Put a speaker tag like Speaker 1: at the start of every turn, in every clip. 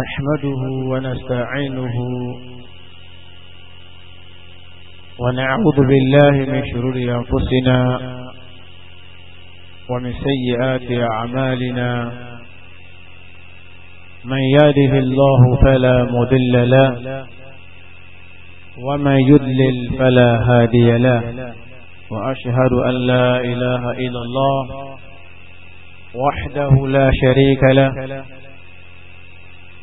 Speaker 1: نحمده ونستعينه ونعوذ بالله من شرور أنفسنا ومن سيئات أعمالنا من يهده الله فلا مذل له ومن يدلل فلا هادي له وأشهد أن لا إله إلا الله وحده لا شريك له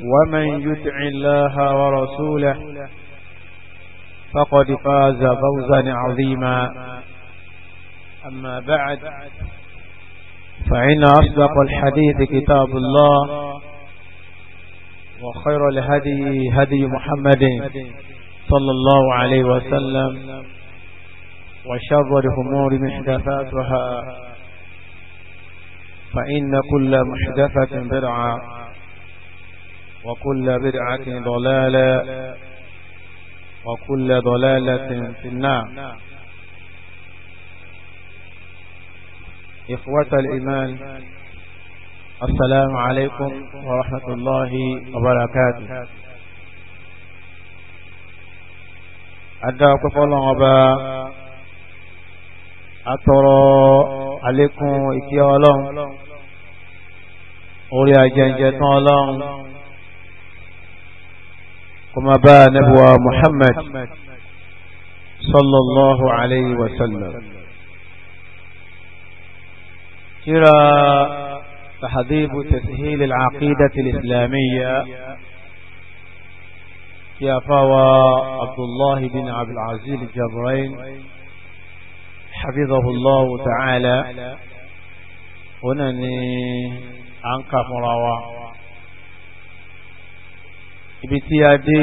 Speaker 1: ومن يدع الله ورسوله فقد فاز فوزا عظيما أما بعد فإن أصدق الحديث كتاب الله وخير الهدي هدي محمد صلى الله عليه وسلم وشر الأمور محدثاتها فإن كل محدثة برعة وكل بدعة ضلالة وكل ضلالة في النار إخوة الإيمان السلام عليكم ورحمة الله وبركاته أدعوك فالله أبا أترى عليكم إكيا الله أولي أجنجة الله وما با نبوى محمد صلى الله عليه وسلم ترى تحذيب تسهيل العقيدة الإسلامية يا فاوى عبد الله بن عبد العزيز الجبرين حفظه الله تعالى هنا عنك مراوى ibi tí a dé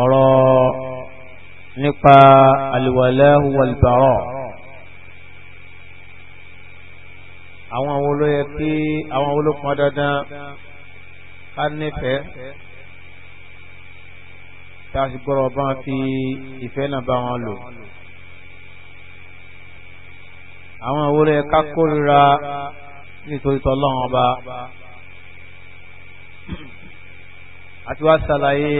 Speaker 1: ọ̀rọ̀ nípa àlùwàlẹ́ wàlùbárọ̀ àwọn wo ló yẹ kí àwọn wo ló pọn dandan ká nífẹ̀ẹ́ tá a sì gbọ́dọ̀ bá wọn fi ìfẹ́ náà bá wọn lò àwọn wo ló yẹ ká kórìíra nítorí tọ́lọ́wọ́n ọba àti wá ṣàlàyé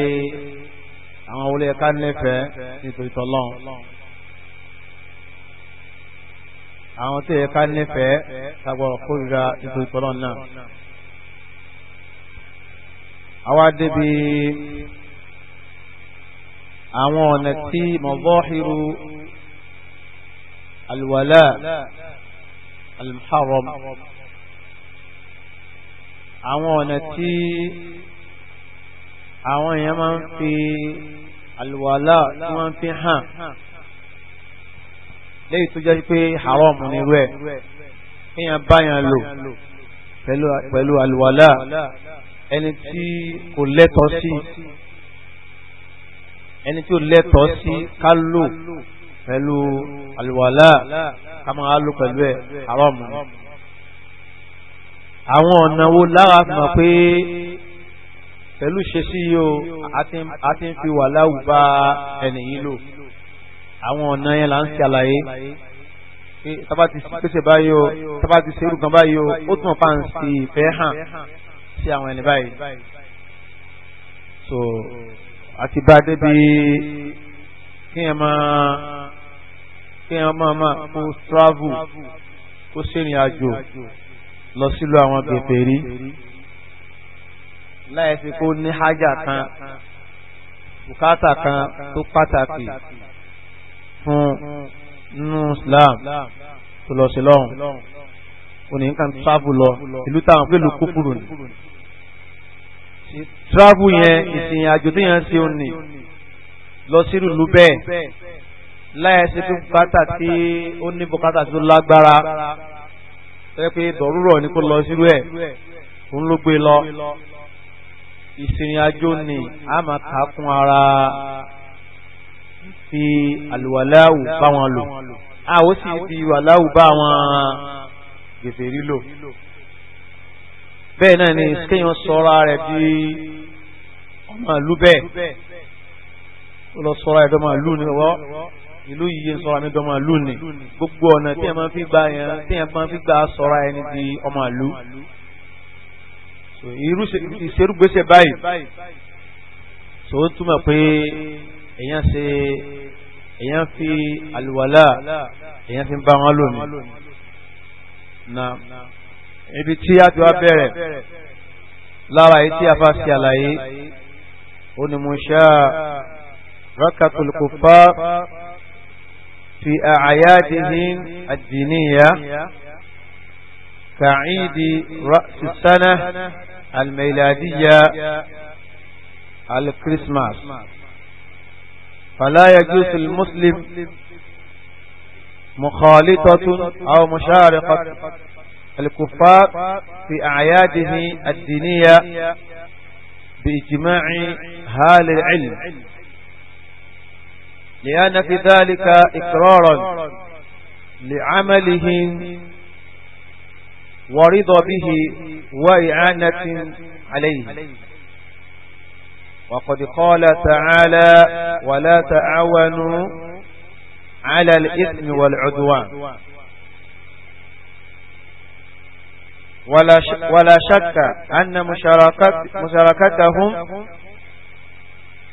Speaker 1: àwọn olè ẹ̀ka nífẹ̀ẹ́ nítorí tọ́lọ́n àwọn tí ẹ̀ka nífẹ̀ẹ́ tagbọ̀rọ̀ kórìíra nítorí tọ́lọ́n náà àwa débi àwọn ọ̀nà tí mọ̀bọ́hìrú alwala almuharram àwọn ọ̀nà tí àwọn èèyàn máa ń fi àlùwàlá tí wọ́n fi hàn léyìí tó jẹ́ pé haram ni rẹ̀ èèyàn báyàn lò pẹ̀lú àlùwàlá ẹni tí kò lẹ́tọ̀ọ́ sí ẹni tí ó lẹ́tọ̀ọ́ sí ká lò pẹ̀lú àlùwàlá ká máa lò pẹ̀lú ẹ̀ haram ni àwọn ọ̀nà wo lára fi mọ̀ pé pẹ̀lú ṣe sí yóò a ti ń fi wà láwù bá ẹni yìí lò àwọn ọ̀nà yẹn là ń ṣe àlàyé tábà ti pèsè báyìí o tábà ti ṣe irú kan báyìí o ó tún pa ń fi ìfẹ́ hàn sí àwọn ẹni báyìí so àti bá débi kí ẹ máa kí ẹ máa máa kó travel kó ṣèrìn àjò lọ sílùú àwọn gbèfèrí
Speaker 2: láìsí kó ní hájà kan
Speaker 1: bùkátà kan tó pàtàkì fún nínú Islam tó lọ sí lọ́hùn òní nǹkan travel lọ ìlú táwọn pẹ̀lú kúkúrú ni travel yẹn ìsìn àjò tó yẹn ṣe òní lọ sírù lú bẹ́ẹ̀ láyẹsí tó bùkátà tí ó ní bùkátà tó lágbára tẹ́ pé dọ̀rúrọ̀ ní kó lọ sírú ẹ̀ òun ló gbé lọ ìsìnrìn àjò ní a máa kàákún ara fi àlùwàláwù bá wọn lò a ó sì fi wàláwù bá wọn gèfèrí lò bẹ́ẹ̀ náà ni kéèyàn sọ́ra rẹ̀ bí ọmọ ìlú bẹ́ẹ̀ ó lọ sọ́ra rẹ̀ dọ́mọ ìlú ni wọ́ ìlú yìí ń sọ́ra mi dọ́mọ ìlú ni gbogbo ọ̀nà tí ẹ̀ máa fi gba sọ́ra ẹni di ọmọ ìlú so irú ìṣerúgbésẹ̀ báyìí so ó túmọ̀ pé èèyàn ṣe èèyàn fi àlùwàlà èèyàn fi ń bá wọn lónìí na ibi tí a ti wá bẹ̀rẹ̀ lára èyí tí a bá ṣe àlàyé ó ní mo ṣá rakatul kuffar fi a'yadihim ad-diniyya. كعيد رأس السنة الميلادية الكريسماس فلا يجوز المسلم مخالطة أو مشارقة الكفار في أعياده الدينية بإجماع هال العلم لأن في ذلك إقرارا لعملهم ورضا به وإعانة عليه وقد قال تعالى ولا تعاونوا على الإثم والعدوان ولا ولا شك أن مشاركتهم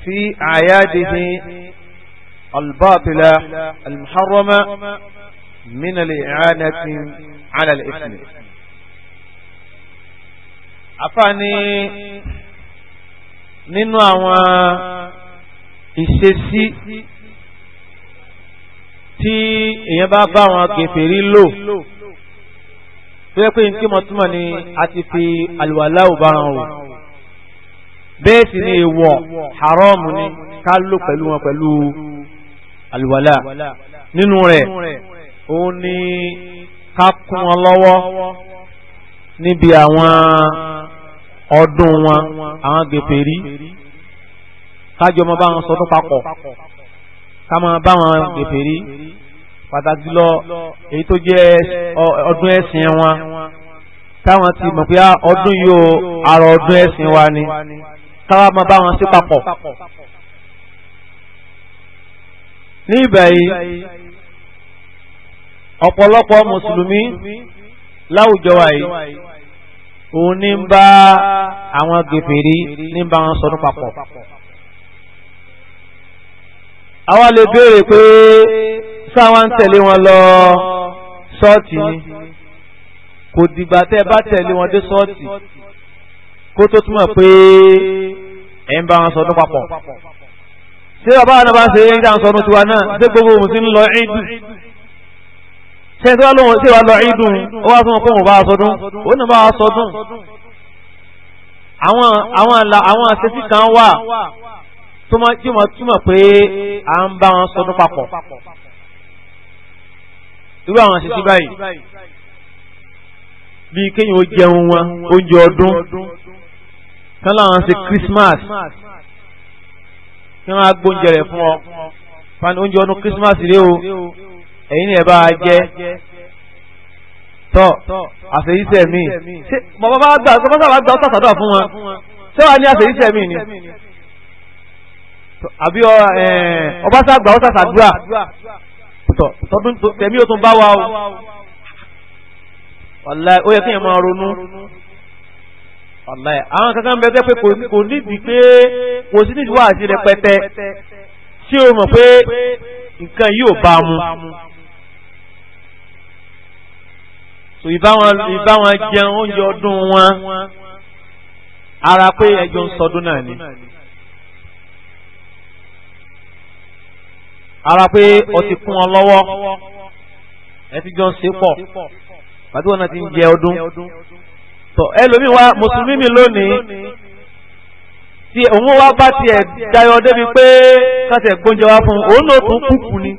Speaker 1: في أعياده الباطلة المحرمة من الإعانة على الإثم àfáà ní nínú àwọn ìṣesí tí èèyàn bá bá àwọn kèfèrí lò tó yẹ pé ní kí ni a ti fi àlùwàlá ò bára wọn bẹ́ẹ̀ sì ni èèwọ̀ haramu ni ká lò pẹ̀lú wọn pẹ̀lú àlùwàlá nínú rẹ̀ òun ni ká kún wọn lọ́wọ́ níbi àwọn ọdún wọn àwọn gèfèrí kájọ ọmọ bá wọn sọdún papọ ká bá wọn gèfèrí pàtàkì lọ èyí tó jẹ ọdún ẹsìn wọn táwọn ti mọ̀ pé ọdún yìí ó àrò ọdún ẹsìn wa ni káwá máa bá wọn sí papọ ní ìbẹ̀yí ọ̀pọ̀lọpọ̀ mùsùlùmí òun ní ń bá àwọn gèfèrí ní ń bá wọn sọdún papọ̀. àwa lè béèrè pé sáwọn ń tẹ̀lé wọn lọ ṣọ́ọ̀tì ni kò dìgbà tẹ́ ẹ bá tẹ̀lé wọn dé ṣọ́ọ̀tì kó tó túmọ̀ pé ẹ̀ ń bá wọn sọdún papọ̀. ṣé bàbá àwọn náà ń ṣe ń dá wọn tiwa náà ṣé gbogbo mùsùlùmí lọ ẹ́ dùn tẹ́sí wá lóhun sí wa lọ ìdùn ó wá fún ọkùnrin bá sọdún ó nà bá sọdún àwọn àwọn àlà àwọn àṣẹ́sí kan wà tó máa tí wọ́n túmọ̀ pé à ń bá wọn sọdún papọ̀ irú àwọn àṣẹ́sí báyìí bíi kéyìn ó jẹun wọn oúnjẹ ọdún kán láwọn ṣe Christmas kí wọ́n á gbóúnjẹ rẹ̀ fún ọ oúnjẹ ọdún Christmas rèé o ẹ̀yin ni ẹ bá jẹ́ tọ́ àṣeyíṣẹ́ mi ṣé mọ̀ bá bá gbà tó bá sábà gbà ó sàṣàdọ̀ fún wọn ṣé wàá ní àṣeyíṣẹ́ mi ni àbí ọba sàgbà ó sàṣàdúrà tọdún tẹ̀mí ó tún bá wa o wàláì ó yẹ kí yẹn máa ronú wàláì àwọn kankan bẹ pé kò nídìí pé kò sí nídìí wà sí rẹpẹtẹ tí o mọ̀ pé nǹkan yìí ò bá mu. so ìbá wọn jẹun oúnjẹ ọdún wọn ara pé ẹjọ́ ń sọdún náà ni ara pé ọtí kún ọ lọ́wọ́ ẹ ti jọ ń ṣe pàtó wọn náà ti ń jẹ ọdún tọ ẹlòmíì wa mùsùlùmí mi lónìí tí òun wá bá tiẹ̀ dayọ̀ débi pé kásẹ̀ gbóúnjẹ wá fún un òun náà tún kúkú ni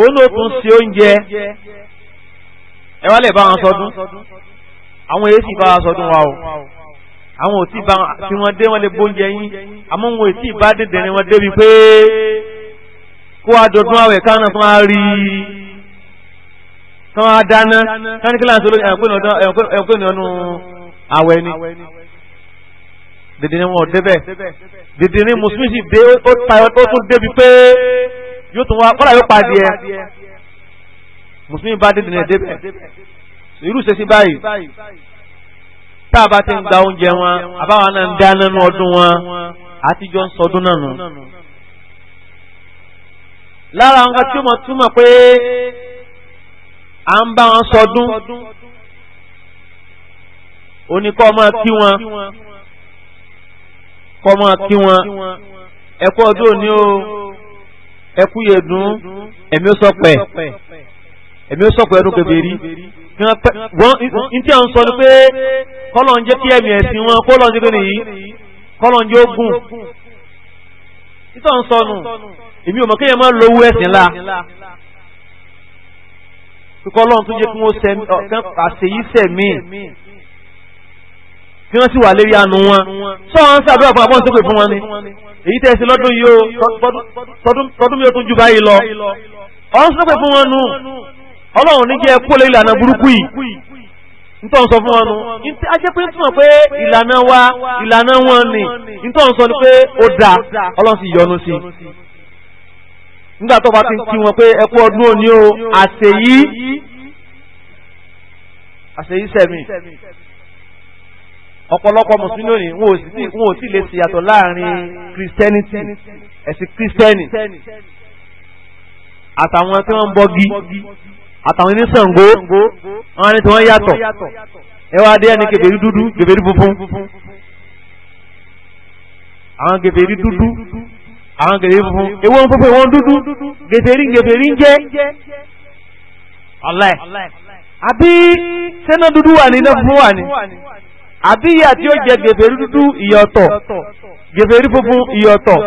Speaker 1: òun náà tún ṣe oúnjẹ
Speaker 2: ẹ wá lè bá wọn sọdún
Speaker 1: àwọn èyí sì bá wọn sọdún wa o àwọn ò tí bá tí wọn dé wọn lè bóúnjẹ yín àmọ́ wọn ò tí bá dẹdẹrin wọn débi pé kó àjọ̀dún àwẹ̀ kánà tó máa rí tó máa dáná kánikílà ń sọ lórí ẹ̀kọ́ ní ọdún àwẹ̀ ni dẹdẹrin wọn ò débẹ̀ dẹdẹrin mùsùlùmí sì dé ó tún débi pé yóò tún wá kọ́lá yóò pàdé ẹ mùsùlùmí bá dé dènà débẹ̀ irú ṣẹ́sí báyìí tá a bá ti ń gba oúnjẹ wọn àbáwa náà ń dáná nínú ọdún wọn àtijọ́ ń sọdún náà nù. lára àwọn kan tí ó mọ̀ túmọ̀ pé à ń bá wọn sọdún oníkọ́ ọmọ kí wọn kọ́ ọmọ kí wọn ẹ̀kọ́ ọdún òní o ẹ̀kú yẹ̀dùn ẹ̀mí ó sọ pẹ̀ ẹ̀mí ó sọ̀kọ̀ ẹnu kẹfẹ́ rí wọ́n tí a ń sọ ni pé kọ́lọ̀ ń jẹ́ kí ẹ̀mí ẹ̀sìn wọn kó lọ́n jẹ́ kí nìyí kọ́lọ̀ ń jẹ́ ogun títọ́ ń sọnù èmi ò mọ̀ kéèyàn máa lówó ẹ̀sìn la kíkọ́ lọ́n tún jẹ́ kí wọ́n sẹ́mi àṣeyí sẹ̀mí kí wọ́n sì wà lérí àánú wọn sọ wọn sàdúrà fún abọ́n sókè fún wọn ni èyí tẹ́ sí lọ́dún yìí o tọdún mi ò tún ju báyìí lọ ọ̀n sókè fún wọn nù ọlọ́run ní jẹ́ kó lé ìlànà burúkú yìí nítorí sọ fún wọn nu a jẹ́ pé pé ìlànà wa ìlànà wọn ni nítorí sọ ni pé ó da ọlọ́run sì yọ́nú sí nígbà tó bá ti ń kí wọn pé ẹ ọdún òní o àṣeyí àṣeyí sẹ̀mí ọ̀pọ̀lọpọ̀ mùsùlùmí òní wọn ò sì lè ṣèyàtọ̀ láàrin christianity ẹ̀sìn christianity àtàwọn tí wọ́n ń bọ́gi àtàwọn oníṣàngó wọn ni tí wọ́n yàtọ̀ ẹ wá dé ẹni kèfèrí dúdú kèfèrí funfun àwọn kèfèrí dúdú àwọn kèfèrí funfun ewé wọn funfun wọn dúdú kèfèrí kèfèrí ń jẹ́ ọ̀lẹ́ àbí sẹ́nà dúdú wà ní iná funfun wà ní àbí ìyá tí ó jẹ kèfèrí dúdú ìyọ̀tọ̀ kèfèrí funfun ìyọ̀tọ̀.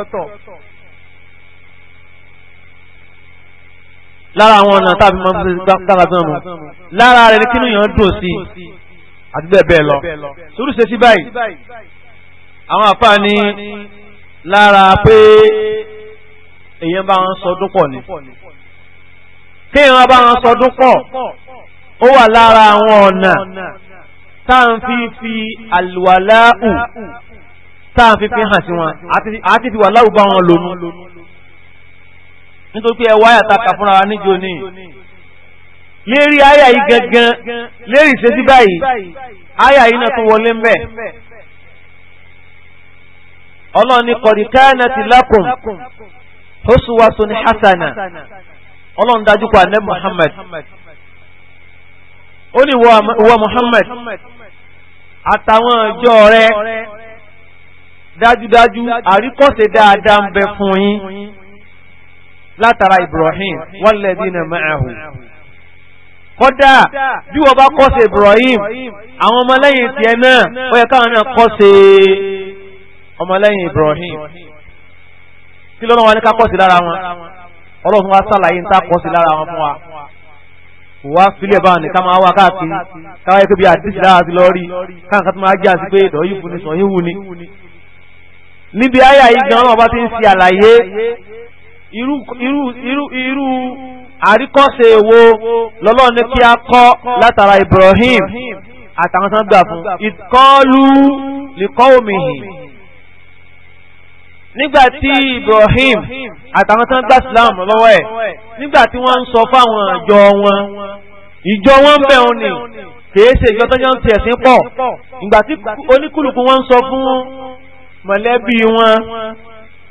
Speaker 1: lára àwọn ọ̀nà tàbí máa ń fi dára tán mu lára rẹ̀ ní kínú yàn dùn sí àti bẹ́ẹ̀ bẹ́ẹ̀ lọ sùúrù ṣe sí báyìí àwọn àfáà ní lára pé èèyàn bá wọn sọdún pọ̀ ni kéèyàn bá wọn sọdún pọ̀
Speaker 2: ó wà lára àwọn ọ̀nà
Speaker 1: táà ń fi fi àlùwàláù táà ń fi fi hàn sí wọn àti fi wàláù bá wọn lónú. nítorí pé ẹwà àyàtà fúnra wa níjó ní lérí àyà yìí gangan lérí ìṣesí báyìí àyà yìí náà tún wọlé ń bẹ̀ ọlọ́ọ̀ni qad kanat lakum uswatun hasana ọlọ́ọ̀ni dájú pa ànábì Muhammad ó ní ìwọ Muhammad àtàwọn ọjọ́ rẹ dájúdájú àríkọ́ṣe dáadáa ń bẹ fún látara Ibrahim walladhina ma'ahu kódà bí wọ́n bá kọ́ sí Ibrahim àwọn ọmọlẹ́yìn tiẹ̀ náà ó yẹ káwọn náà kọ́ sí ọmọlẹ́yìn Ibrahim kí lọ́nà wọn ní ká kọ́ sí lára wọn ọlọ́run wa sàlàyé ń tá kọ́ sí lára wọn fún wa wá filẹ̀ bá ní ká máa wá káàkiri káwá yẹ pé bí àdìsí lára ti lọ káàkiri tó máa jẹ́ àti pé ìdọ̀ yìí fún ni sọ yìí wù ni. níbi àyà yìí gan-an ọba ti ń ṣe àlàyé irú irú irú irú àríkọ́ṣe wo lọ́lọ́run ní kí a kọ́ látara Ibrahim àtàwọn tán gbà fún ìkọlù liqawmihi nígbàtí Ibrahim àtàwọn tán gbà Islam lọ́wọ́ ẹ̀ nígbàtí wọ́n ń sọ fáwọn ìjọ wọn ìjọ wọn bẹ̀ wọn ni kìí ṣe ìjọ tó jọ ń ti ẹ̀sìn pọ̀ ìgbàtí oníkùlùkù wọn ń sọ fún mọ̀lẹ́bí wọn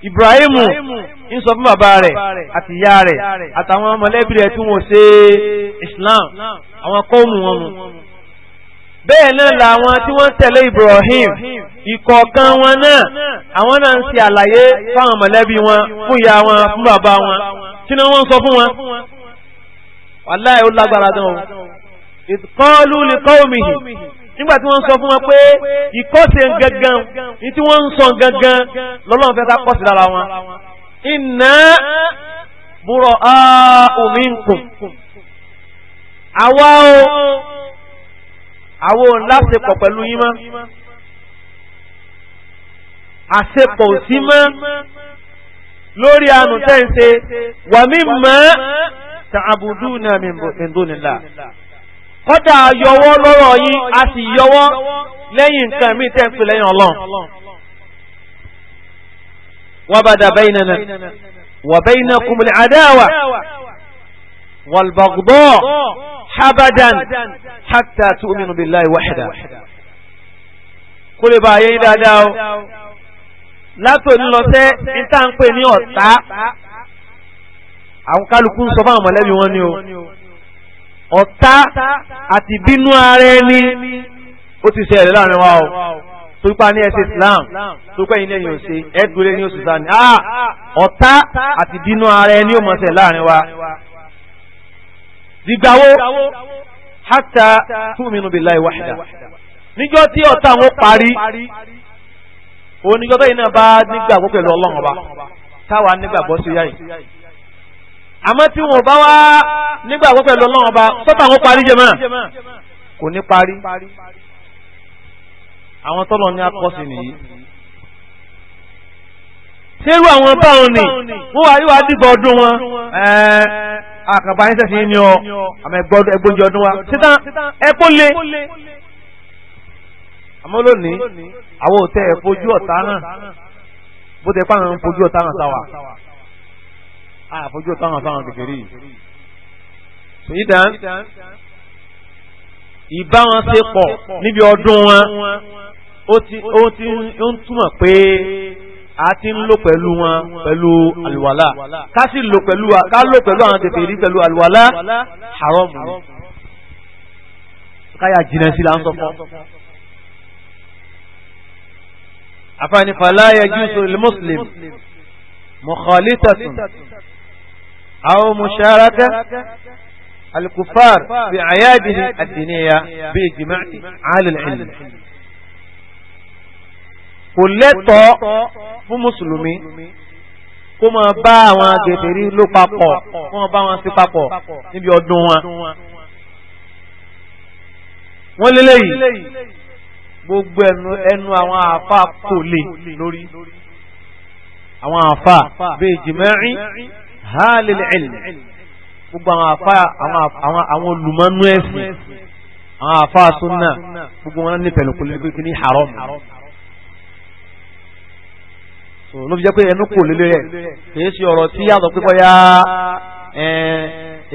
Speaker 1: Ibrahim ń sọ fún bàbá rẹ̀ àti ìyá rẹ̀ àtàwọn ọmọlẹ́bí rẹ̀ tí wọ́n ṣe Islam àwọn kọ́ọ̀mù wọn mu bẹ́ẹ̀ náà làwọn tí wọ́n tẹ̀lé Ibrahim ìkọ̀ọ̀kan wọn náà àwọn náà ń ṣe àlàyé fáwọn mọ̀lẹ́bí wọn fún ìyá wọn fún bàbá wọn kí ni wọ́n sọ fún wọn wàláì ó lágbára dán o ìkọlù lè kọ́ omi nígbà tí wọ́n sọ fún wọn pé ìkọ́sẹ̀ gangan ní tí wọ́n ń sọ gangan lọ́lọ́run fẹ́ ká kọ́sẹ̀ lára wọn inna bura'u minkum àwa o àwa láṣepọ̀ pẹ̀lú yín mọ́ àṣepọ̀ ò mọ́ lórí àánú tẹ́ǹṣe wa mimma ta'buduna min dunillah kọ́dà yọwọ́ lọ́rọ̀ yín a sì yọwọ́ lẹ́yìn nǹkan mi tẹ́ ń pè lẹ́yìn ọlọ́run wabada baynana wa baynakum al-adawa wal-baghdha habadan hatta tu'minu billahi wahda kó lè bá ayé yín dáadáa o látòní lọ sẹ́ níta ń pè ní ọ̀tá àwọn kálukú ń sọ fáwọn mọ̀lẹ́bí wọn ni o. ọ̀tá àti bínú ara ẹni ó ti ṣe ẹ̀rẹ́ láàrin wa o tó ń pa ní ẹsẹ̀ Islam tó pẹ́ ilé yìí ò ṣe ẹ́dúró ní oṣù ah! ọ̀tá àti bínú ara ẹni ó mọ̀ ṣe láàrin wa. dìgbàwó hatta tu'minu billahi wahda níjọ́ tí ọ̀tá wọn parí oníjọ́ náà bá nígbàgbọ́ pẹ̀lú Ọlọ́run ọba táwa nígbàgbọ́ sí yáyìí. àmọ́ tí wọn bá wá nígbàgbọ́ pẹ̀lú ọlọ́run ọba sọ́tà wọn parí jẹ́ máa kò ní parí àwọn tọ́lọ̀ ní akọ́sí nìyí ṣérú àwọn báwọn ni wọ́n wá yíwá dìgbà ọdún wọn àkàbà yín sẹ́sìn ní ọ àmọ́ ẹgbóúnjẹ ọdún wa títàn ẹkún lé àmọ́ lónìí àwọn òtẹ́ ẹ̀ fojú ọ̀tá hàn bó tẹ pàrọ̀ ń fojú ọ̀tá hàn sáwà àfojú táwọn fáwọn kékeré so idan ìbá wọn ṣe pọ̀ níbi ọdún wọn ó ti ń túmọ̀ pé a ti ń lò pẹ̀lú wọn pẹ̀lú àlùwàlá ká sì lò pẹ̀lú ká lò pẹ̀lú àwọn kékeré pẹ̀lú àlùwàlá haram káyà jìnà sí la ń sọ fún àfààní fàlàyé jùsùn muslim mukhalitatun. أو مشاركة الكفار بأعيادهم الدينية بإجماع على العلم kò lẹ́tọ̀ fún mùsùlùmí kó mọ bá àwọn gẹ̀gẹ̀rí ló papọ̀ kó mọ bá wọn sí papọ̀ níbi ọdún wọn wọ́n lélẹ̀ yìí gbogbo ẹnu àwọn àfà kò lè lórí àwọn àfà bíi jìmẹ́rin
Speaker 2: hálẹ̀ ilmi
Speaker 1: gbogbo àwọn àfá àwọn olùmọ́nú ẹ̀sìn àwọn àfá súnà gbogbo wọn ní pẹ̀lúkú lórí pé ní haram ló fi jẹ́ pé ẹnu kò lélẹ̀ rẹ̀ kìí ṣe ọ̀rọ̀ tí yàtọ̀ pé bọ́yá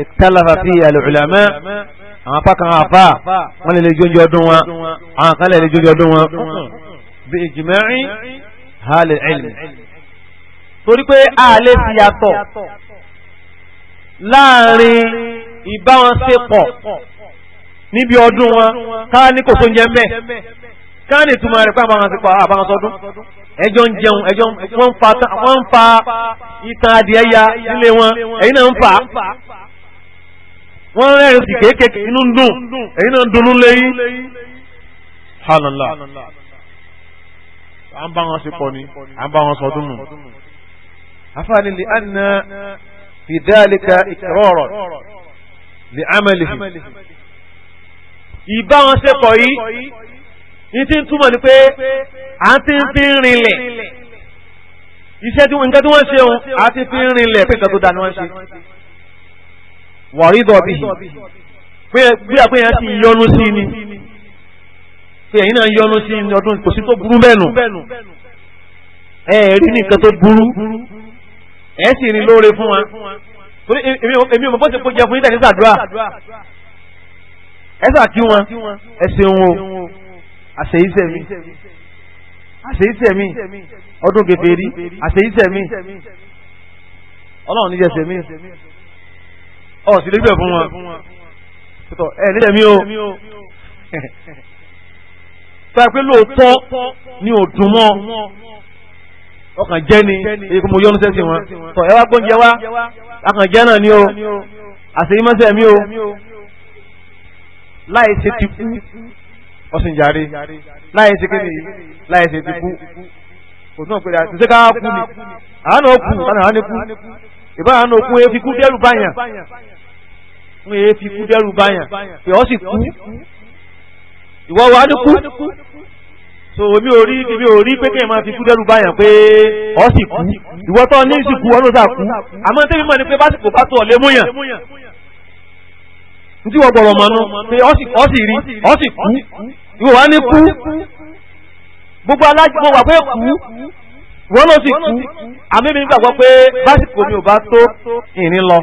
Speaker 1: ìtàlàfà fi al-ulama àwọn apá kan àfá wọ́n lè lè jóúnjẹ ọdún wọn àwọn kan lè lè jóúnjẹ ọdún wọn bí ijma'i hálẹ̀ ilmi torí pé a lè fi yàtọ̀ láàrin ìbáwọn ṣe pọ̀ níbi ọdún wọn ká ní kò tó ń jẹ mẹ́ ká ní ìtumọ̀ rẹ̀ pé àbáwọn ṣe pọ̀ àbáwọn sọdún ẹjọ́ ń jẹun ẹjọ́ wọ́n ń fa ìtàn adìẹ ya nílé wọn ẹ̀yin náà ń fà á wọ́n rẹ́rìn sí kéékèèké inú ń dùn ẹ̀yin náà ń dunnú léyìn hànàlá à ń bá wọn ṣe pọ̀ ni à ń bá wọn sọdún mu afáàní lè في ذلك dhalika لعمله. li amalihi ìbá wọn ṣe pọ̀ yìí ní tí ń túmọ̀ ní pé à ń ti fi rinlẹ̀ iṣẹ́ tí nǹkan tí wọ́n ṣe òun à ti fi rinlẹ̀ pé nǹkan tó dáa ni wọ́n ṣe wàrídọ̀ bíi bí àpéyàn ti yọnu sí ni pé ẹ̀yin náà yọnu sí ni ọdún kò sí tó burú bẹ́ẹ̀ nù ẹ̀ẹ́rí nìkan tó burú ẹ̀ sì rí lóore fún wa torí e, èmi ò mọ̀ bó ṣe kó jẹ fún yín tẹ̀sí sàdúrà ẹ sà kí wọn ẹ ṣeun o àṣeyíṣẹ́ mi àṣeyíṣẹ́ mi ọdún gèdè rí àṣeyíṣẹ́ mi ọlọ́run níjẹ́ ṣe mí ọ̀ sì lè gbẹ̀ fún wọn tọ́ ẹ níjẹ́ mi o tọ́ ẹ pé lóòótọ́ ni ò dùn mọ́ ọkàn jẹ́ ni èyí kò mọ yọ́nu sẹ́sìn wọn tọ ẹ wá gbóúnjẹ wá akàn jẹ́ náà ni o àṣeyímọ́sẹ̀ mi o láì ṣe ti kú ọ̀sìn jàre láì ṣe kéde yìí láì ṣe ti kú kò tún ọ̀pẹ̀lẹ̀ àti ṣẹ́ká kú ni àánú òkú àánú àánú kú ìbá àánú òkú èé kú dẹ́rù báyàn ń èé kú dẹ́rù báyàn ìwọ́ sì kú ìwọ́ wa ní kú so mi ò rí mi ò rí pé kéèyàn máa fi kú dẹ́rù báyàn pé ọ sì kú ìwọ tó ní ìsìnkú ọ ló sà kú àmọ́ tẹ́mi mọ̀ ni pé básìkò bá tó ọ lé múyàn ntí wọ́n gbọ̀rọ̀ mọ̀nú pé ọ sì rí ọ sì kú ìwọ wá ní kú gbogbo alájọ wà pé kú ìwọ ló sì kú àmì mi gbàgbọ́ pé básìkò mi ò bá tó ìrìn lọ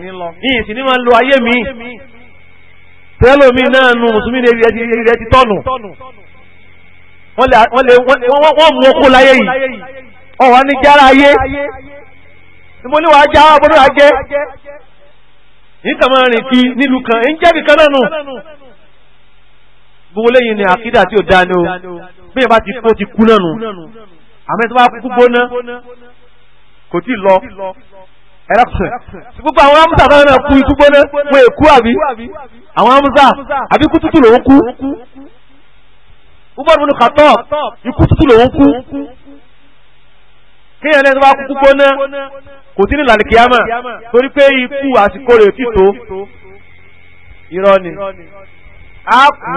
Speaker 1: ìyìn sì ni máa lo ayé mi tẹ́lómi náà nu mùsùlùmí rẹ̀ wọ́n mú okó láyé yìí ọ̀wọ́n ní jára ayé tí mo ní wàá já wàá bọ́dọ̀ àjẹ́ nǹkan máa rìn kí nílùú kan ń jẹ́bi kan náà nù gbogbo lẹ́yìn ni àkídà tí ò dá ni o bí yẹn bá ti kó ti kú náà nù àmọ́ tí wọ́n á kú gbóná kò tí ì lọ ẹlẹ́pùsẹ̀ gbogbo àwọn amúsà náà kú ikú gbóná wọ́n èkú àbí àwọn amúsà àbí kú tútù lòún kú. Umar bin Khattab ikú tútù lòun kú kéèyàn lẹ́sẹ̀ bá kú gbóná kò sí ní làlìkíyàmà torí pé ikú àsìkò rẹ̀ ti tó irọ́ ni a kú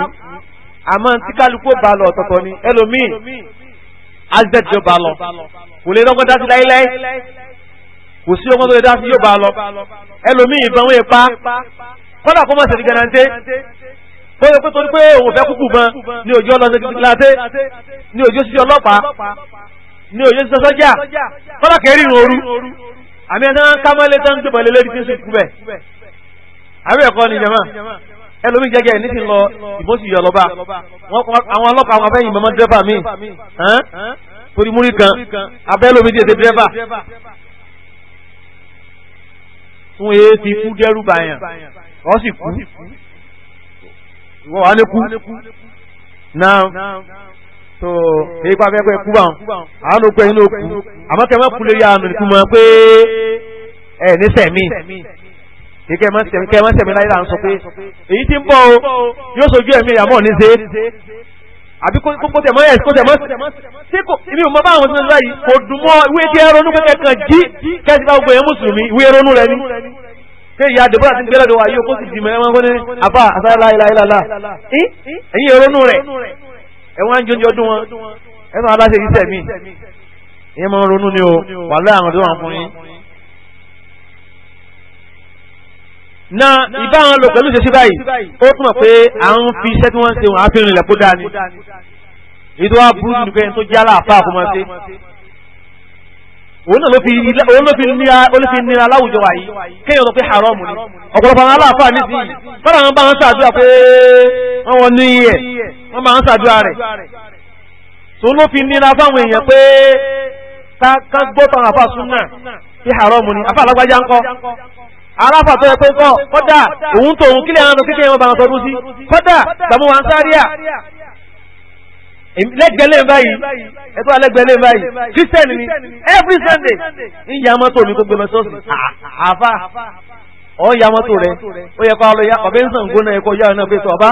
Speaker 1: àmọ́ tí kálukú bá lọ ọ̀tọ̀ọ̀tọ̀ ni ẹlòmíì azẹ́jọ bá lọ kò lè rọ́gbọ́n dásí láíláí kò sí ọgbọ́n tó lè dásí yóò bá lọ ẹlòmíì ìbọn wọn pa kọ́dà kó mọ̀ sẹ́ni gẹ̀rẹ́ntẹ́ ó yẹ pé torí pé òun fẹ́ kúkú gan ní òjò ọlọ́sẹ̀ láti ní òjò sísẹ ọlọ́pàá ní òjò sísẹ sọ́jà kọ́lá kẹrin òru àmì ẹ̀ náà kámọ́lé tán tó bọ̀lẹ̀ lórí fíṣù kú bẹ̀ àbí ẹ̀kọ́ ni jẹ́mọ́ ẹlòmí jẹ́jẹ́ ní ti lọ ìbòsì yọ lọ́ba àwọn ọlọ́pàá àwọn abẹ́yìn mọ́mọ́ dírẹ́fà mi torí múrí kan abẹ́ lómi dìde dírẹ́fà fún èé ti kú dẹ́rù bàyàn ó sì kú wọ́n wà lẹ́kú náà tó ipa fẹ́pẹ́ kú bá àwọn òkú ẹ̀yìn ló kú àmọ́ kẹ́ mọ́ kúlé yá àmì kúmọ̀ pé ẹ̀ ní sẹ̀mí kẹ́ mọ́ sẹ̀mí láyé là ń sọ pé èyí tí ń bọ̀ o yóò sojú ẹ̀mí ìyàmọ́ ní ṣe àbí kó tẹ̀mọ́ ẹ̀ kó tẹ̀mọ́ sí kò ibi ò mọ bá àwọn sọ́dọ̀ yìí kò dùn mọ́ ìwé tí ẹ ronú kẹ́kẹ́ kan jí kẹ́sì bá gbogbo ẹ̀ mùsùlùmí ìwé ronú rẹ ni pé ìyá àdìbò àti gbẹ́lẹ̀ lọ́wọ́ ayé okòsì ti mẹ́rin wọn ní àbá àtàlá ilà ilà là ẹ̀yìn ìrònú rẹ̀ ẹ̀wọ̀n àjọjọ ọdún wọn ẹ̀fọn aláṣẹ yìí tẹ̀mí ìyẹn máa ń ronú ni o wà lọ́yà àwọn tó wà fún yín. na ìbá wọn lò pẹ̀lú ìṣesí báyìí ó túmọ̀ pé à ń fi iṣẹ́ tí wọ́n ń ṣe wọn á fi rìnlẹ̀ kó dáa ni èyí tó wá burú jù ní tó jálá òun náà ló fi nira láwùjọ wa yìí kéèyàn lọ pé haram ni ọ̀pọ̀lọpọ̀ àwọn aláàfáà ní sìn fọ́nà wọn bá ń ṣàdúrà pé wọ́n wọn ní iye wọ́n máa ń ṣàdúrà rẹ̀ tó ló fi nira fáwọn èèyàn pé ká gbọ́ tàwọn àfáà ni àfáà aláfà tó yẹ pé kọ́dà òun tó òun kílẹ̀ àwọn kékeré wọn bá wọn lẹ́gbẹ̀lẹ́ báyìí ẹ̀tọ́ alẹ́gbẹ̀lẹ́ báyìí christian ni every sunday ní yamato mi gbogbo mẹ́sọ́sì àfà ọ̀ yamato rẹ̀ ó yẹ kọ́ ọbẹ̀ ń Ṣàngó náà ẹ̀kọ́ yára náà pé sọ ọba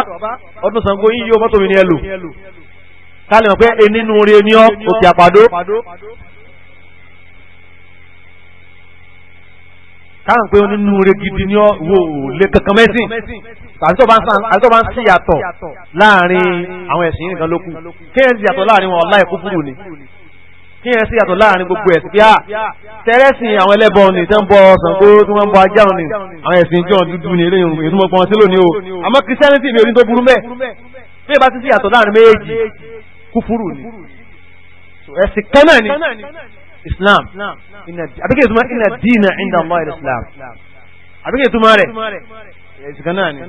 Speaker 1: ọdún Ṣàngó yíyí o mọ́tò mi ni ẹ lò kálí mọ̀ pé ẹni nínú rẹ ní ọ òkè àpàdó kálí mọ̀ pé ẹni nínú rẹ gidi ní ọ wò lè kankan mẹ́sìn àti tó bá ń sí yàtọ̀ láàrin àwọn ẹ̀sìn nìkan ló kù kí ẹ̀ ń sí yàtọ̀ láàrin wọn ọ̀la ẹ̀kú fúrù ni kí ẹ̀ ń sí yàtọ̀ láàrin gbogbo ẹ̀sìn pé ah, tẹ́rẹ́sìn àwọn ẹlẹ́bọ ni tẹ́ ń bọ Ṣàngó tí wọ́n ń bọ ajá ni àwọn ẹ̀sìn jọ dúdú ni eré ìrùn ìtumọ̀ pọn sí lónìí o àmọ́ kìrìsìtẹ́nìtì ni orí tó burú mẹ́ bí ẹ bá ti sí yàtọ̀ láàrin méjì kúfúrù ni ẹ̀sìn kan ni Islam àbíkẹ́ ìtumọ̀ ina dina inda Allah Islam àbíkẹ́ ìtumọ̀ rẹ̀ ẹ̀sìkan náà ni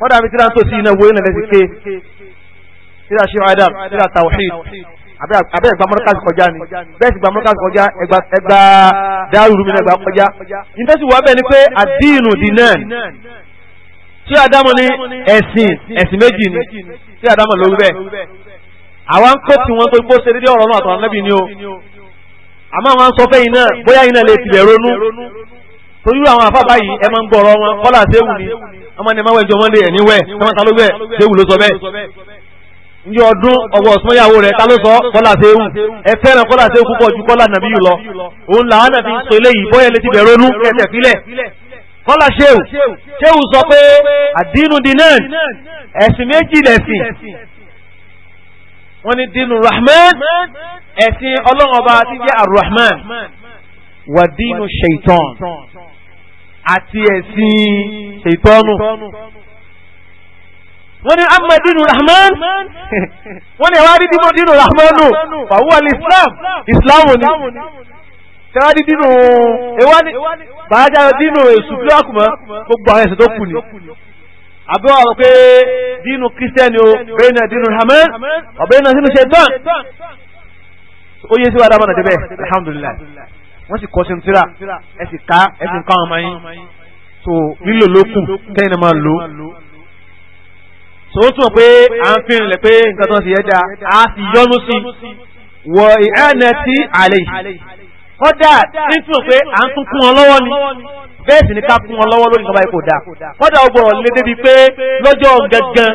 Speaker 1: kọ́dà àbí tíra ń tòsí iná wo ìnàlẹ́ sí ké tíra ṣe adam tíra tawhid abẹ́ ẹ̀gbà mọ́rọ́kàsì kọjá ni bẹ́ẹ̀ sì gbà mọ́rọ́kàsì kọjá ẹgbà dáhùrù mi náà gbà kọjá ìtẹ́sí wà bẹ́ẹ̀ ni pé àdínù dinan
Speaker 2: tí adamu ni ẹ̀sìn ẹ̀sìn méjì ni
Speaker 1: tí adamu lórí bẹ́ẹ̀ àwa ń kó tiwọn tó gbó ṣe dédé ọ̀rọ̀ náà àtọ̀rọ̀ náà bí ni o àmọ́ àwọn sọ fẹ́ yìí náà bóyá yìí náà lè tilẹ̀ ronú torí àwọn àfáàbá yìí ẹ máa ń gbọ́rọ̀ wọn kọ́lá ni ọmọ ní máa wẹ̀jọ mọ́lẹ̀ ẹ̀ní wẹ̀ ẹ máa ta ló bẹ̀ séwù ló sọ bẹ́ẹ̀ ní ọdún ta ló sọ kọ́lá ẹ ju nàbí yìí lọ òun làwọn sọ eléyìí létí ronú sọ pé àdínú méjì dínú rahman ti jẹ́ wà dínú àti ẹ̀sìn ṣètọ́nù wọ́n ní amma dínú rahman wọ́n ní ẹ̀wá rí dínú rahmanu fàwọ́ islam islam ni tẹ́wá rí dínú ẹwà ní bàájá dínú èsù bí ọkùnmọ́ gbogbo àwọn ẹ̀sẹ̀ tó kù ni àbẹ́ wà pé dínú kírísítẹ́nì o bẹ́ẹ̀ náà dínú rahman ọ̀bẹ́ alhamdulillah wọ́n sì kọ́ sínú tíra ẹ sì ká ẹ sì ń ká ọmọ yín so lílò ló kù kẹ́yìn náà máa lò so ó tún pé à ń fi rìnlẹ̀ pé nǹkan tó ń ṣe yẹ dáa a sì yọnu sí wọ ìhànà tí àlè yìí kódà ní tún pé à ń tún kún wọn lọ́wọ́ ni bẹ́ẹ̀ sì ni ká kún wọn lọ́wọ́ lórí nǹkan báyìí kò dáa kódà ó gbọ́dọ̀ lé débi pé lọ́jọ́ gangan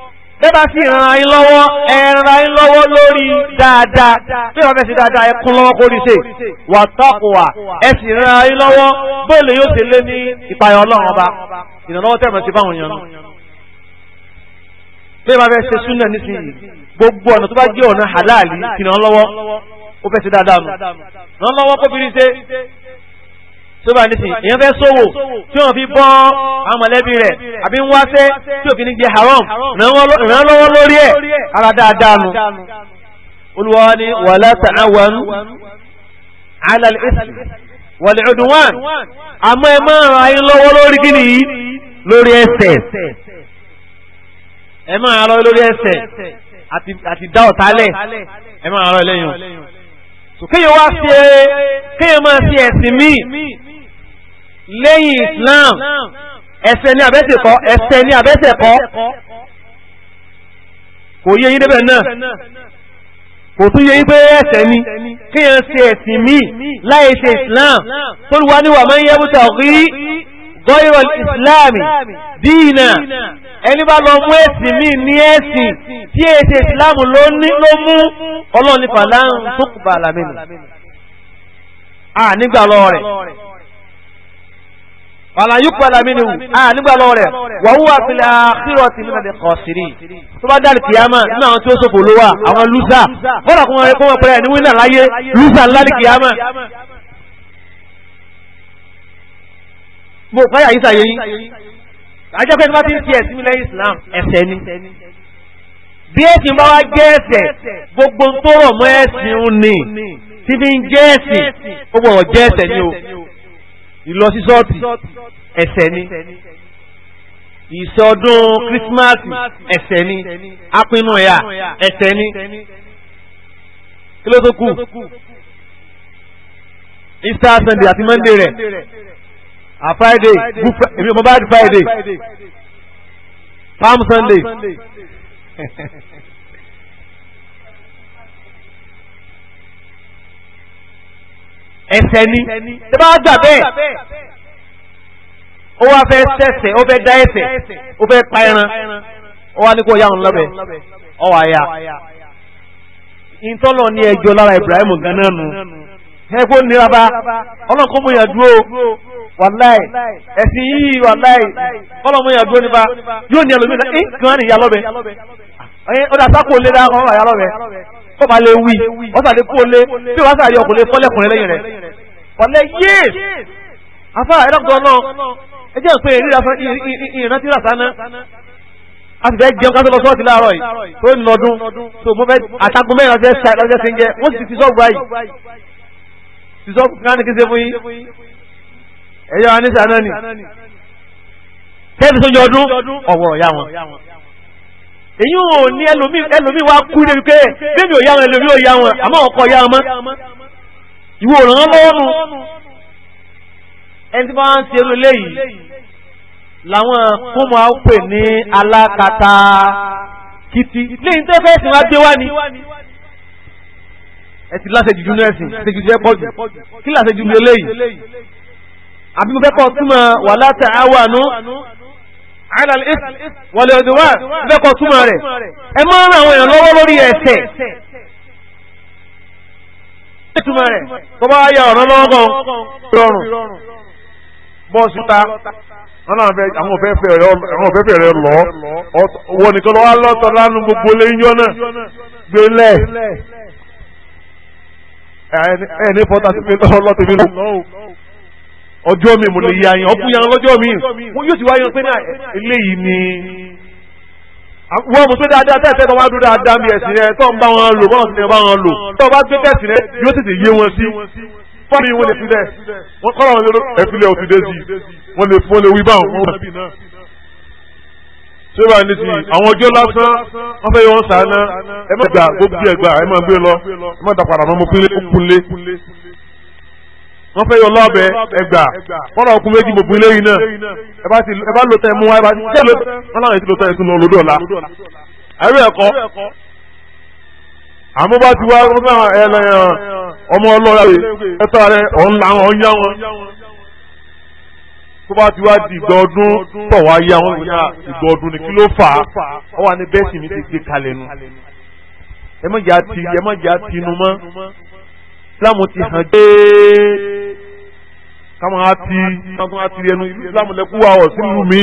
Speaker 1: bẹ́bá sí ìran ayín lọ́wọ́ ẹ̀rọ ayín lọ́wọ́ lórí dáadáa bí wọ́n fẹ́ sí dáadáa ẹkún lọ́wọ́ kórí ṣe wà tọ́kùwà ẹ sì ran ayín lọ́wọ́ bóòlù yóò ṣe lé ní ìpayọ̀ ọlọ́run ọba ìrànlọ́wọ́ tẹ̀mọ̀ sí fáwọn èèyàn bí wọ́n fẹ́ ṣe súnà nísìnyí gbogbo ọ̀nà tó bá jẹ́ ọ̀nà halali ìrànlọ́wọ́ ó fẹ́ sí dáadáa nù ìrànlọ́wọ́ kó fi rí ṣe tó bá nísìn èyàn fẹ́ sówò tí wọ́n fi bọ́ àwọn mọ̀lẹ́bí rẹ̀ àbí ń wáṣẹ́ tí òfin ní jẹ haram ràn lọ́wọ́ lórí ẹ̀ ara dáadáa nu olùwọ́ ni wala ta'awanu ala al-ismi wal udwan àmọ́ ẹ máa ràn ayé lọ́wọ́ lórí kí nìyí lórí ẹsẹ̀ ẹ máa ràn lórí ẹsẹ̀ àti dá ọ̀tálẹ̀ ẹ máa ràn lọ́wọ́ lẹ́yìn kéèyàn wá sí ẹ kéèyàn máa sí ẹ̀sìn míì lẹ́yìn Islam ẹsẹ̀ ní abẹ́sẹ̀ kọ́ ẹsẹ̀ ní abẹ́sẹ̀ kọ́ kò yé yín débẹ̀ náà kò tún yé yín pé ẹsẹ̀ ni kéèyàn ṣe ẹ̀sìn míì láì ṣe Islam tó wá níwà máa ń yẹ búta rí gọ́ìrọ̀ ìsìláàmì dínà ẹni bá lọ mú ẹ̀sìn míì ní ẹ̀sìn tí èsì ìsìláàmù ló mú ọlọ́ọ̀ni fàlà ń tó kù bàlàmínú à nígbà lọ rẹ̀ wàlá yóò pẹ̀lú àmínú à nígbà lọ́wọ́ rẹ̀ wà wúwà fìlà àkírọ̀ ti mílẹ̀ lè kọ̀ọ̀sìrì tó bá dàrí kìyàmá nínú àwọn tí ó sòfò lówà àwọn lúsà bọ́lá kún wọn kún wọn pẹ̀lú ẹni wíńdà láyé lúsà ńlá ní kìyàmá. mo káyà yìí sàyè yìí àjọ pé nípa ti ń fi ẹ̀sìn mi lẹ́yìn Islam ẹ̀sẹ̀ ni bí ẹ̀sìn bá wá jẹ́ ẹ̀sẹ̀ gbogbo tó rọ̀ mọ́ ẹ̀sìn ni tí fi ń jẹ́ ẹ̀sìn ó gbọ́dọ̀ ìlọsísọ́ọ̀tì ẹ̀ṣẹ̀ ni ìsọdún kírísímàsì ẹ̀ṣẹ̀ ni apinnu ẹ̀yà ẹ̀ṣẹ̀ ni kí ló tó kù Easter Sunday àti Monday rẹ̀ a Friday good Friday Mobile Friday Palm Sunday. ẹsẹ̀ ni tí bá gbà bẹ́ẹ̀
Speaker 2: ó wá fẹ́ sẹ̀sẹ̀ ó fẹ́ da ẹsẹ̀ ó fẹ́ pa ẹran
Speaker 1: ó wá ní kó yáhùn lọ́bẹ̀ ọ wà ní ẹjọ́ lára Ibrahim ganan nu ẹgbẹ́ nira ọlọ́kọ́ mú yàn dúró wàláì ẹ̀sìn yìí wàláì yàn dúró nípa yóò ní ẹlòmíràn ẹ̀ tó bá lè wí wọ́n sàlẹ̀ kú olé tí wọ́n sàlẹ̀ ọkùnrin fọ́lẹ̀kùnrin lẹ́yìn rẹ̀ ọ̀lẹ́ yéé afá ẹlọ́gbọ̀n náà ẹ jẹ́ pé ìrírà ìrántí rà sáná a ti fẹ́ jẹun kásán lọ sọ́ọ̀tì láàárọ̀ yìí tó ń nọdún tó mo fẹ́ àtàkùn mẹ́rin lọ́jọ́ ṣe lọ́jọ́ ṣe ń jẹ wọ́n ti sọ́ọ̀bù báyìí ti sọ́ọ̀bù kan ní èyí ò ní ẹlòmí wá kú débi pé bébì ò yá wọn ẹlòmí ò yá wọn àmọ́ ọkọ̀ yá wọn ìwò ràn án lọ́wọ́ nu ẹni tí wọ́n ń ṣe eré léyìí làwọn kó máa ń pè ní alákatá kìtì léyìí tó fẹ́ sìn wá dé wá ni ẹ ti láṣẹ jùjú náà ẹ̀sìn ṣe jùjú ẹ pọ̀ jù kí láṣẹ jùjú eléyìí àbí mo fẹ́ kọ́ túmọ̀ wàhálà tẹ̀ áwà nù. alàlẹ́ wọlé ọdúnwà lẹ́kọ̀ọ́ E rẹ̀ ẹ máa ń ran àwọn àwọn òfẹ́ fẹ́ lọ nìkan lọ́wọ́ lọ́tọ̀ gbogbo náà fọ́tà lọ́tọ̀ mi lọ́wọ́ ọjọ́ mi mo lè ya yan ọkùn yan lọ́jọ́ mi wọ́n yóò ti wá yan pé náà eléyìí ni wọ́n mú pé dáadáa tẹ́ ẹ̀tẹ́ tó wá dúró dáadáa bí ẹ̀sìn rẹ tó ń bá wọn lò bọ́lá sí ni bá wọn lò tó bá gbé tẹ̀sìn rẹ yóò tètè yé wọn sí fọ́ọ̀mù yìí wọ́n lè filẹ̀ wọ́n kọ́ àwọn ẹ̀fílẹ̀ òfin déjì wọ́n lè fún lè wí wọn. sébà ní ti àwọn ọjọ́ lásán wọ́n fẹ́ yọ wọn sàánà ẹ má ẹ wọ́n fẹ́ yọ lọ́ọ̀bẹ ẹgbà wọ́n náà kún méjì gbogbo eléyìí náà ẹ bá ti ẹ bá lò tẹ́ mú wa ẹ bá ti jẹ́ lò wọ́n náà ti lò tẹ́ ẹ̀tún lọ lódò ọ̀la. àrẹ ẹ̀kọ́ àmọ́ bá ti wá ọmọ ọlọ́ra rẹ̀ ẹ̀tọ́ rẹ̀ ọ̀hún la wọn yá wọn. tó bá ti wá di ìgbà ọdún pọ̀ wá yá wọn ìgbà ọdún ni kí ló fà á ọ wà ní bẹ́ẹ̀sì mi ti gbé kalẹ̀ nu ẹ mọ̀ jà tinú mọ́ islamu ti hàn dé káwọn àti káwọn àti ẹnu ìlú islamu lẹkú wa ọ sínú mi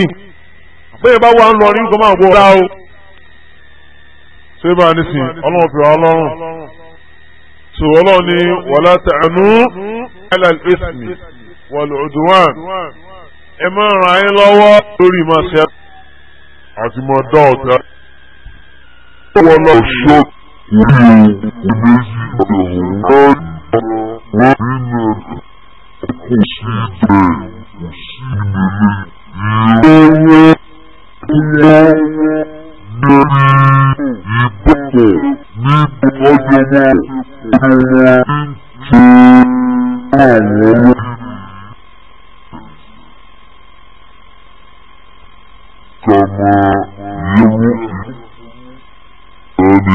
Speaker 1: bẹ́ẹ̀ bá wà ń lọrin nǹkan máa wọ ọ́
Speaker 2: ṣé bá a nísìn ọlọ́run fi wà ọlọ́run
Speaker 1: tó ọlọ́run ni wàlá tẹ̀nu ẹ̀là ìsìn
Speaker 2: wal udwan ẹ máa ràn án lọ́wọ́ lórí máa ṣe àti máa dá ọ̀tá. wọ́n lọ sọ orí ẹ̀ ẹ̀ méjì ọ̀hún náà. Wakina, konside, vismi, yalte, yalte, yalte, yalte, yalte, yalte, yalte, yalte. M государja zavore méni de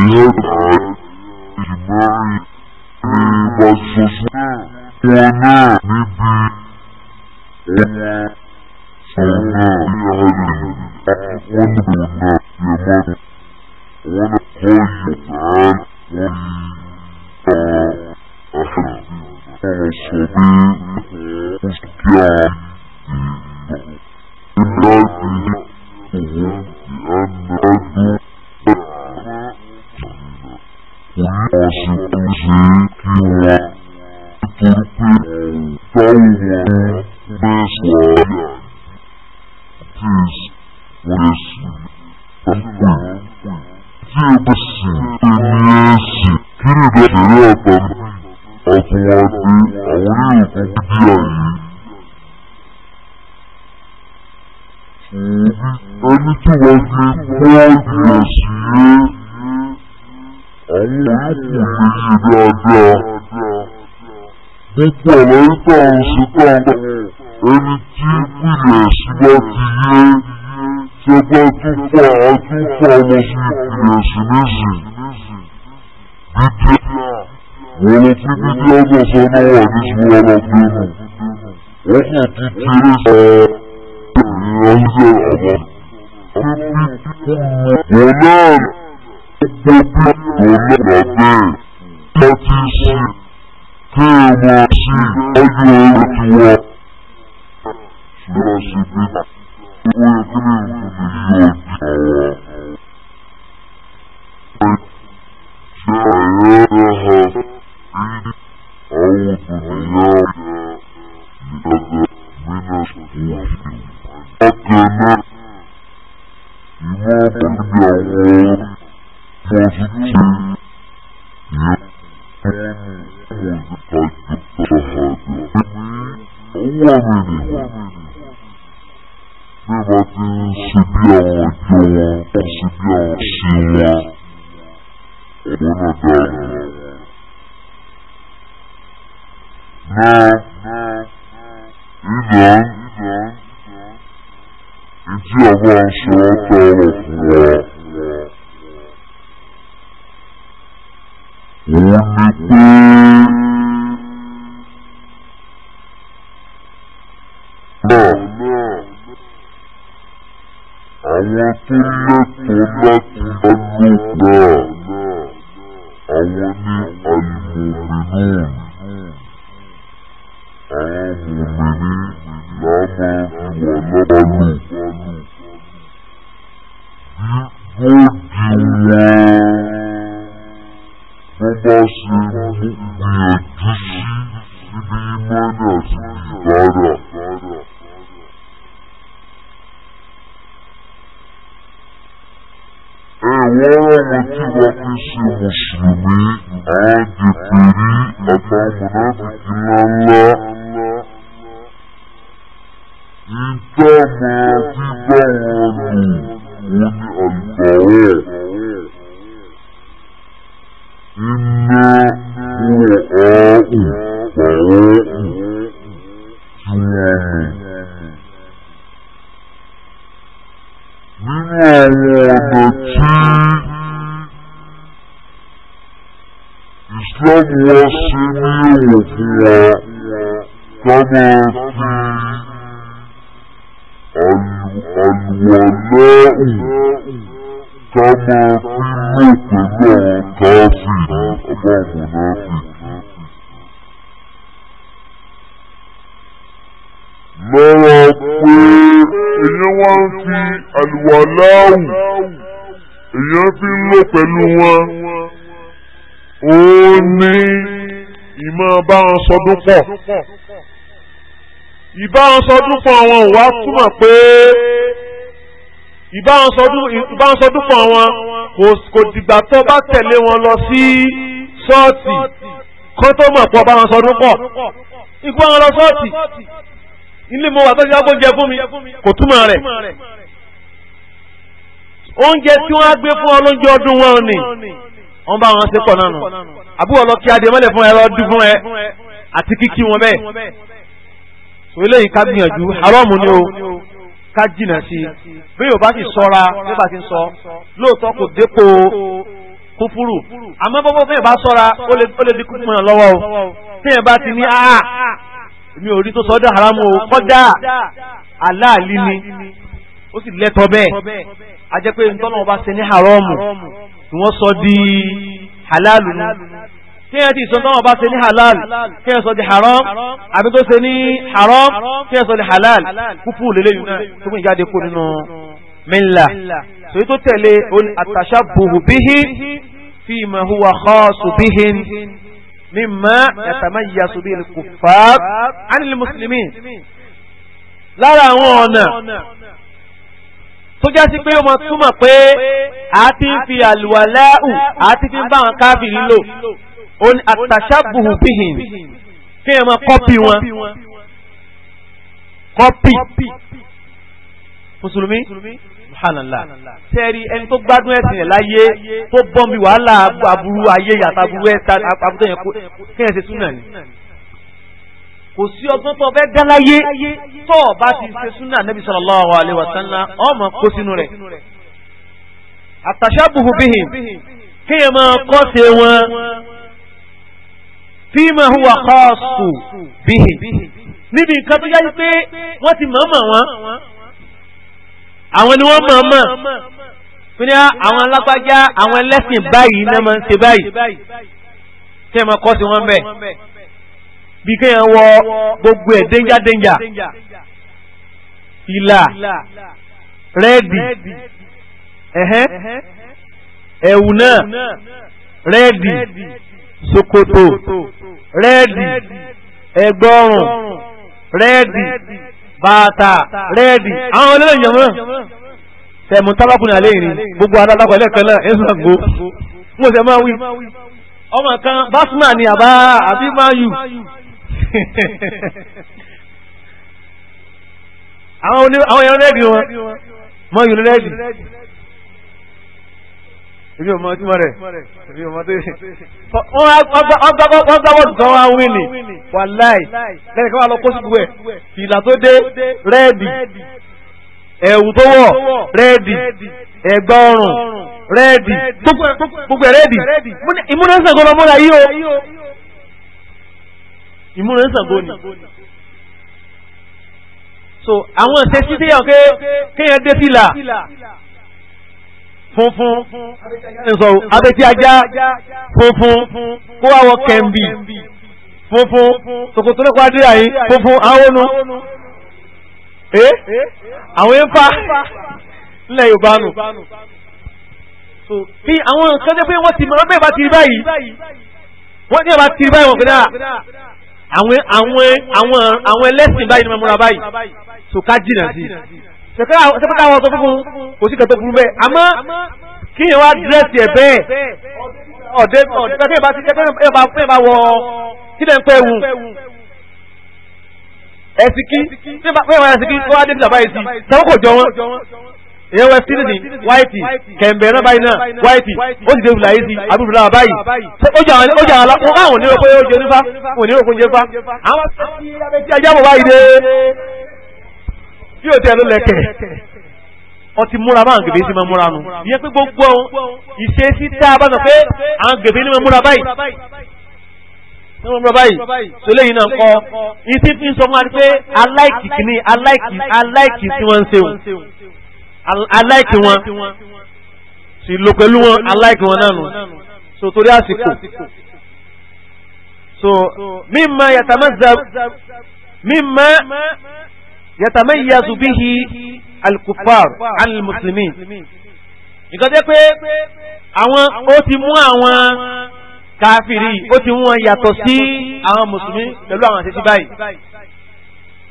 Speaker 2: la an ìbáṣọṣọ wọlé níbi sọ̀rọ̀ ìhàlẹ̀ àkọ́kọ́lùmọ̀nà yẹmọ́nà wọn kọ́ ìyọ̀kán wọn ta àhàlẹ̀ ọ̀sọ̀ bí ọ̀sùkíà ìlú ìlú ìlú ìlú ìlú 我是不是你啊？你到底把我怎么说的？这是我的事，不管我，也不是你的事，你不要。púpọ̀ lórúkọ oṣù kọ̀ọ̀kan ẹni tí pìlẹ̀ sí bá ti yé sọgbà tún fà á tún fà lọ sí ìpìlẹ̀ sí nísì bíbí wọ́n lọ sí bíbí ọgbọ̀nsẹ̀ náà wà ní ìṣúra alágbèénu wọ́n kò kékeré sọ ìrìn ọ̀sẹ̀ àbá wọ́n náà gbogbo bí wọ́n náà I ayúdame a tu Será Ìjì àbọ̀ àṣọ ọ̀tọ̀ ọ̀rọ̀. kama fi àlùwàláù kama fi lò pẹ̀lú àwọn káfí àbáwọn náfì. lọ́wọ́ pé èyí wá ń fi àlùwàláù èyí fi ń lò pẹ̀lú wọn ó ní ìmọ̀ bá wọn sọdún pọ̀
Speaker 1: ìbáransọdúnpọ̀ wọn ò wá túmọ̀ pé ìbáransọdúnpọ̀ wọn kò dìgbà tó bá tẹ̀lé wọn lọ sí ṣọ́ọ̀tì kó tó mọ̀ pọ̀ báransọdúnpọ̀ ikú wọn lọ ṣọ́ọ̀tì ilé mo wà tó ṣe agbóúnjẹ fún mi kò túmọ̀ rẹ̀ oúnjẹ tí wọ́n á gbé fún ọlọ́njẹ ọdún wọn ni wọ́n bá wọn ṣe pọ̀ náà nù àbúrò lọ kí adé mọ́lẹ̀ fún ẹ lọ́ọ́ dún fún ẹ àti kíkí wọn bẹ́ẹ̀ eléyìí ká gbìyànjú haramu ni o ká jìnà sí i bí yóò bá sì bí bá ti sọ lóòótọ́ kò dépò kúfúrú àmọ́ bọ́bọ́ fẹ́ẹ̀ bá sọ́ra ó lè di kúfúrú náà lọ́wọ́ o fẹ́ẹ̀ bá ti ní áà mi ò rí tó sọ́dọ̀ haramu o kọ́dà
Speaker 2: aláàlí ni
Speaker 1: ó sì lẹ́tọ̀ bẹ́ẹ̀ a jẹ́ pé ntọ́nà ọba ṣe ní haramu tí wọ́n sọ di halálù kí ẹ ti sọ tọ́wọ́ bá ṣe ní halal kí ẹ sọ di haram àbí tó ṣe ní haram kí ẹ sọ di halal kúfù lélẹ́yìn náà tó kún ìjáde kó nínú milla èyí tó tẹ̀lé àtàṣàbùhù bíhí fi ma huwa khasu bihin mimma yatamayyasu bihi al-kuffar 'anil muslimin lára àwọn ọ̀nà tó já sí pé ó mọ túmọ̀ pé a ti ń fi àlùwàláù a ti fi ń bá àwọn káfìrí lò ó ní àtàṣàbùhù bíhìn kí ẹ máa kọ́pì wọn kọ́pì mùsùlùmí subhanallah tẹ́rí ẹni tó gbádùn ẹ̀sìn ẹ̀ láyé tó bọ́n bí wàhálà àbúrú ayé àtàbúrú ẹ̀ta àbúrú yẹn kí ẹ ṣe súnà ni kò sí ọgbọ́n tó fẹ́ dá láyé tó bá ti ṣe súnà Nabi sallallahu alaihi wasallam ọmọ kó sínú rẹ̀ àtàṣàbùhù bíhìn kí ẹ máa kọ́ ṣe wọn fíìmà huwa kọ́ọ̀sù bíhì níbi nǹkan tó yáyí pé wọ́n ti mọ̀ọ́mọ̀ wọn àwọn ni wọ́n mọ̀ọ́mọ̀ fún ní àwọn alágbájá àwọn ẹlẹ́sìn báyìí náà máa ń ṣe báyìí tí ẹ máa kọ́ sí wọn bẹ́ẹ̀ bí kéèyàn wọ gbogbo ẹ̀ dénjà dénjà ìlà rẹ́ẹ̀dì ẹ̀hẹ́ ẹ̀wù náà rẹ́ẹ̀dì sokoto rẹ́ẹ̀dì ẹgbọ́rùn rẹ́ẹ̀dì bàtà rẹ́ẹ̀dì àwọn olóyè ìjọba tẹ̀mú tábàkùnrin àlẹ́ ìrìn gbogbo adálákọ̀ ẹlẹ́kan náà ẹ̀sùn àgbo mo sì máa wí ọmọ kan basma ni àbá àbí mayu àwọn èèyàn rẹ́ẹ̀dì wọn mayu rẹ́ẹ̀dì èmi ò mọ tí mo rẹ̀ èmi ò mọ tí. wọ́n gbábọ́ọ̀lù kan wá wíìnì wàláì lẹ́yìn kan wà lọ kó sí gbogbo ẹ̀ fìlà tó dé rẹ́ẹ̀dì ẹ̀wù tó wọ̀ rẹ́ẹ̀dì ẹ̀gbà ọrùn rẹ́ẹ̀dì gbogbo ẹ̀ rẹ́ẹ̀dì ìmúnẹ́sàn kan lọ́mọ́ra yìí o ìmúnẹ́sàn kan ni so àwọn ìṣesí tí yàn kéèyàn dé fìlà funfun abẹ́tí ajá funfun kó àwọ̀ kẹ̀mbì funfun tòkòtò ní kwádìrà yìí funfun àwọn ònú ee eh? àwọn ẹ̀fà nílẹ̀ Yorùbá nù fi àwọn nǹkan jẹ́ pé wọ́n ti mọ̀ bẹ́ẹ̀ bá ti rí báyìí wọ́n ní ọba ti rí báyìí wọ́n fi náà àwọn ẹlẹ́sìn báyìí ni wọ́n múra báyìí so ká jìnà sí i sẹ́pẹ́ká àwọn ọ̀sọ́ fúnfún kò sí kẹtọ́ burú bẹ́ẹ̀ àmọ́ kí yẹn wá dírẹ́sì ẹ̀ bẹ́ẹ̀ ọ̀dẹ́ ọ̀dẹ́ bá ti kẹtọ́ bá wọ kí lẹ́ ń pẹ́ wù ẹ̀sìkí pé wọ́n ẹ̀sìkí tó wá dé nígbà báyìí sí sọ́wọ́ kò jọ wọn èyàn wọ ẹ̀sìkí nìyí wáìtì kẹ̀m̀bẹ̀ náà báyìí náà wáìtì ó sì dé wùlà yìí sí àbúrò náà báyìí ó jà wọn lápò káwọn onírò pé ó jẹ nípa onírò kún jẹ fa àwọn tí ajá bọ̀ báyìí dé bí o tẹ ló lẹkẹ ọtí múra bá àwọn gbèbè sí máa múra nu ìyẹn pé gbogbo ìṣesí tá a bá sọ pé àwọn gbèbè ní máa múra báyìí ní máa múra báyìí tó léyìn náà kọ ìtí fi ń sọ fún wa pé aláìkì kìíní aláìkì aláìkì tí wọ́n ń ṣe wọn aláìkì wọn sì lò pẹ̀lú wọn aláìkì wọn náà nù so torí àsìkò so mímọ yàtàmọ́ zab mímọ yatamayyazu bihi الكفار kuffar al-muslimin nǹkan tẹ́ pé àwọn ó ti mú àwọn káfìrí ó ti mú wọn yàtọ̀ sí àwọn mùsùlùmí pẹ̀lú àwọn àṣẹ́sí báyìí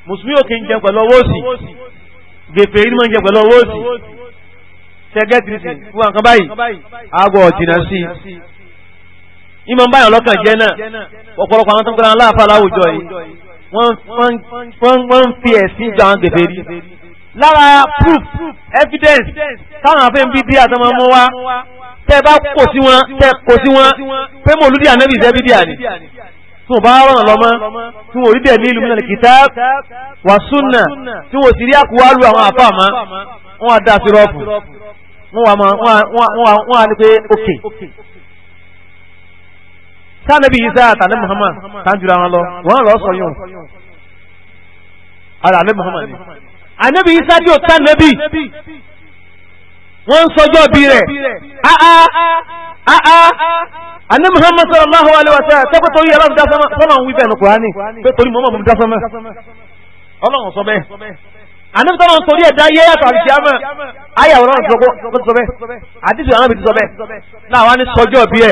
Speaker 1: mùsùlùmí ò kí ń jẹ pẹ̀lú ọwọ́ òsì gèfèrí ni máa ń jẹ pẹ̀lú ọwọ́ òsì sẹ́gẹ́tìrìsìn fún àǹkan báyìí àgọ́ ọ̀jìnà sí i ìmọ̀ báyọ̀ lọ́kàn jẹ́ náà ọ̀pọ̀lọpọ̀ àwọn tó ń kọ́ra aláàfáà láwùjọ yìí wọ́n ń fi ẹ̀sìn jọ àwọn gbèfè rí lára proof evidence táwọn afẹ́ ń bí díà tó máa mú wá tẹ́ bá kò sí wọn tẹ́ kò sí wọn pé mo lùdí ànábì ìṣẹ́ bídíà ni
Speaker 2: tún bá rọrùn lọ́mọ tí wọ́n rí dẹ̀ ní ìlú mílẹ̀ kitab
Speaker 1: wà súnà tí wọ́n sì rí àkúwá lu àwọn àfa àmọ́ wọ́n á dá sírọ́ọ̀pù wọ́n á lè pé okay sanabi isa àtàlẹ́ muhammad tàǹjúra wọn lọ wọn lọ sọ muhammad ni ànábi isa yóò tá nàbí wọ́n ń sọjọ́ bí rẹ̀ muhammad sallallahu alaihi wa sallam tẹ́kọ̀ torí ẹ̀rọ ìdá sọ́mọ́ sọ́mọ́ ń wí bẹ́ẹ̀ ní kùránì pé torí mọ́mọ́ mú dá sọ́mọ́ ọlọ́run sọ bẹ́ẹ̀ àní sọ́mọ́ ń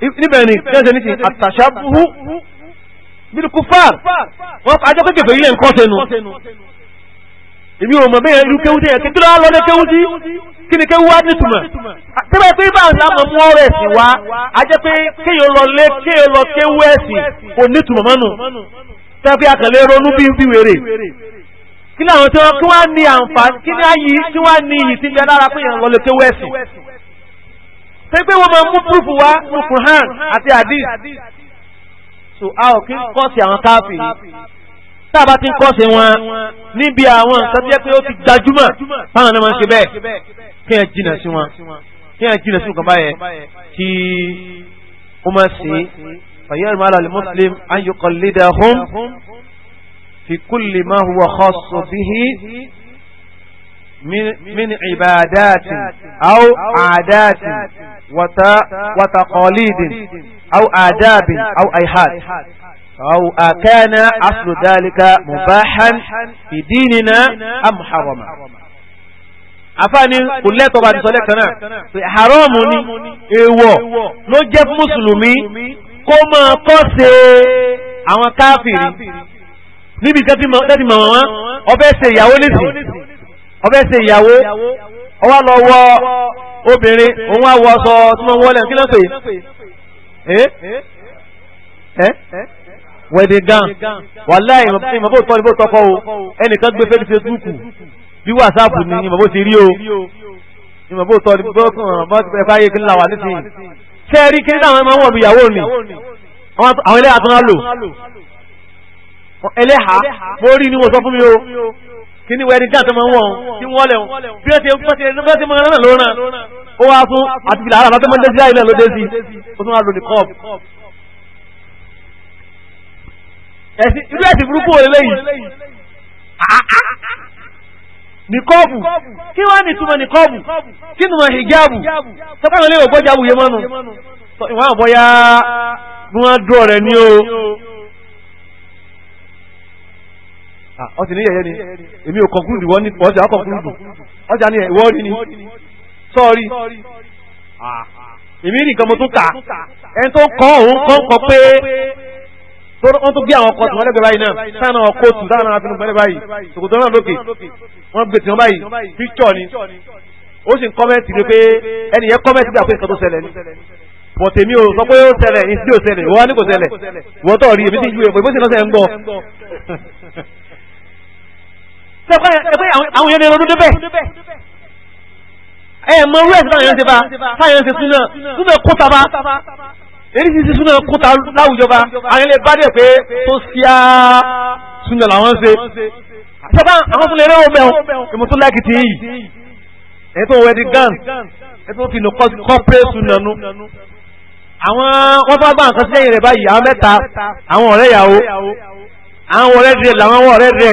Speaker 1: níbẹ̀ ni ṣẹ́ṣẹ́ ní ti àtàṣàbùhù bíi kúfàr wọn àjọ kékeré ilé nǹkan sẹnu èmi ò mọ̀ bẹ́ẹ̀ irú kéwú tẹ̀yẹ kékeré wa lọ́dẹ kéwú sí kí ni kéwú wa nítumọ̀ tẹ́lẹ̀ pé bá ń lámọ̀ mú ọ̀rọ̀ ẹ̀sìn wa a jẹ́ pé kéèyàn lọ lé kéèyàn lọ kéwú ẹ̀sìn kò nítumọ̀ mọ́nu tẹ́lẹ̀ pé akànlé ronú bí bí wèrè kí ni àwọn tí wọ́n kí wọ́n ní àǹfààní kí ni ayì kí wọ́n ní iyì tí ń bẹ lára pé èèyàn lọ lé kéwú ẹ̀sìn ṣe pé wọ́n máa mú púrúfù wá ní Qur'an àti hadith so a ò kí ń kọ́sì àwọn káàfìrí tá a bá ti ń kọ́sì wọn níbi àwọn nǹkan tó yẹ pé ó ti gbajúmọ̀ fáwọn náà máa ń ṣe bẹ́ẹ̀ kí ẹ jìnà sí wọn
Speaker 2: kí ẹ jìnà sí nǹkan báyẹn
Speaker 1: kí ó máa ṣe fàyẹ́rù máa lálẹ́ muslim an yuqallidahum fi kulli ma huwa khas bihi. من عبادات أو عادات وتقاليد أو آداب أو أيهات أو أكان أصل ذلك مباحا في ديننا أم حرما àfáàní kò lẹ́tọ̀ bá ti sọ lẹ́kan náà haramu ni èèwọ̀ ló jẹ́ mùsùlùmí kó máa kọ́ ṣe àwọn káfìrí níbi tẹ́tí mọ̀ wọ́n ọbẹ̀ ṣe ìyàwó lẹ́sìn ọbẹ̀ ṣe ìyàwó ọwá lọ wọ obìnrin òun á wọ aṣọ tí wọ́n wọlé kí ló ń pè é wedding gown wàláì ìmọ̀bó tọ́ ni bó tọkọ o ẹnìkan gbé fẹ́ẹ́ ṣe túkù bí wàsáàpù ni ìmọ̀bó ti rí o ìmọ̀bó tọ́ ni bó kàn bá ẹ̀ka ayé kí ń là wà nísìnyí ṣé ẹ rí kí nígbà wọn máa ń wọ̀ bí ìyàwó ni àwọn ẹlẹ́hàá tó ń lò ẹlẹ́hàá mo rí ni mo sọ fún mi o kí ni wẹ́ẹ̀dì gáàsì máa ń wọ̀n tí wọ́n lẹ̀ wọ́n bí ó ti bẹ́ẹ̀ ti máa rán ló rán ó wá fún àti ìlà àrà tó máa ń dé sí àìlẹ̀ ló dé sí ó tún wá lò ní cup. irú ẹ̀sìn burúkú wò lélẹ́yìí ní kọ́ọ̀bù kí wá ní túnmọ̀ ní kọ́ọ̀bù kí nùmọ̀ hijabu sọ́kànlélẹ́wọ̀ bọ́jábù yé mọ́nu ìwọ̀n àbọ̀yá bí wọ́n á dúró rẹ̀ ní o ọtí ah, ní yẹyẹ ni èmi ò conclude wọ́n ní ọjà á conclude ọjà ni ìwọ ah, rí ni sọ́ọ̀rí èmi nìkan mo tún kà ẹni tó kọ́ òun kọ́ kọ́ pé wọ́n tún gbé àwọn ọkọ̀ tí wọ́n lẹ́gbẹ̀ẹ́ báyìí náà sáànà ọkọ̀ tù sáànà àfihàn mẹ́lẹ́ báyìí ṣòkòtò náà lókè wọ́n gbé tí wọ́n báyìí píkṣọ̀ ni ó sì ń kọ́mẹ́ntì ni pé ẹni yẹn kọ́mẹ́ntì gbà pé nǹkan tó ṣẹlẹ̀ ni bọ̀tẹ̀ mi ò sọ pé ó ṣẹlẹ̀ ìsí ò ṣẹlẹ̀ wọ́n á ní kò ṣẹlẹ̀ wọ́n tọ̀ rí èmi ti ju èpò ìbó náà ṣẹ̀ ń gbọ́ tẹ́pẹ́ àwọn yẹn lè ronú débẹ̀ ẹ mọ rẹ̀ sí báyọ̀ ń ṣe bá báyọ̀ ń ṣe súnà súnà kóta bá èyí ti ti súnà kóta láwùjọba àwọn ilé bá dẹ̀ pé tó síá súnà làwọn ṣe tẹ́pẹ́ àwọn tún lè rẹ́wọ̀ bẹ́ẹ̀ ìmọ̀ tó láìkì tí yìí èyí tó wẹ̀ di gan èyí tó ti nù kọ́pẹ́ súnà nu àwọn wọ́n fà bá nǹkan sí ẹ̀yìn rẹ̀ báyìí àwọn mẹ́ta àwọn ọ̀rẹ́ ìyàwó
Speaker 2: àwọn ọ̀rẹ́ rẹ̀ làwọn ọ̀rẹ́ rẹ̀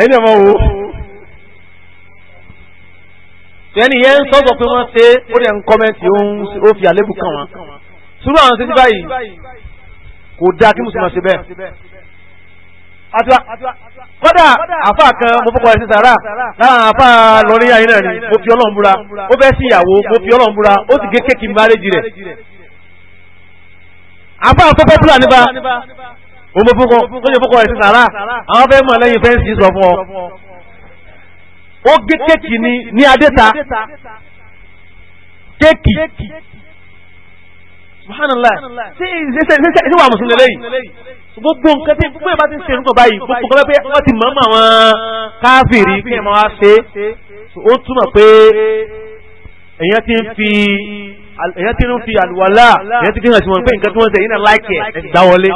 Speaker 1: ẹ̀yìn náà mọ̀ wò tẹ́ni yẹn ń sọ́sọ́ pé wọ́n ṣe ó dẹ̀ ń kọ́mẹ́ntì ó fi àlébù kàn wọ́n sùúrù àwọn ṣe ti báyìí kò dáa kí mùsùlùmí ṣe bẹ́ẹ̀ àtiwá kọ́dà àfáà kan mo fọ́kọ̀ ẹ̀sìn sàrà láwọn àfáà lọ́rí ayé náà ni mo fi ọlọ́run búra ó fẹ́ sí ìyàwó mo fi ọlọ́run búra ó sì gé kéèkì mbárèjì rẹ̀ àfáà tó pọ́pùlà nípa òun fúnkọ tó ṣe fúnkọ ẹ̀sìn sàrà àwọn fẹ́ mọ̀ lẹ́yìn fẹ́ǹsì sọ fún ọ. ó gé kéèkì ni ní adéta kéèkì subhanallah ṣé ṣé wà mùsùlùmí lẹ́yìn gbogbo nǹkan tí gbogbo ìbá ti ń ṣe nǹkan báyìí gbogbo nǹkan pé wọ́n ti mọ̀ mọ́ àwọn káfíìrì kí ẹ̀ máa wá ṣe ó túmọ̀ pé èèyàn ti ń fi èèyàn ti ń fi àlùwàlá èèyàn ti fi hàn sí wọn pé nǹkan tí wọ́n ń ṣe yìí náà láìkẹ̀ ẹ̀ gbá wọlé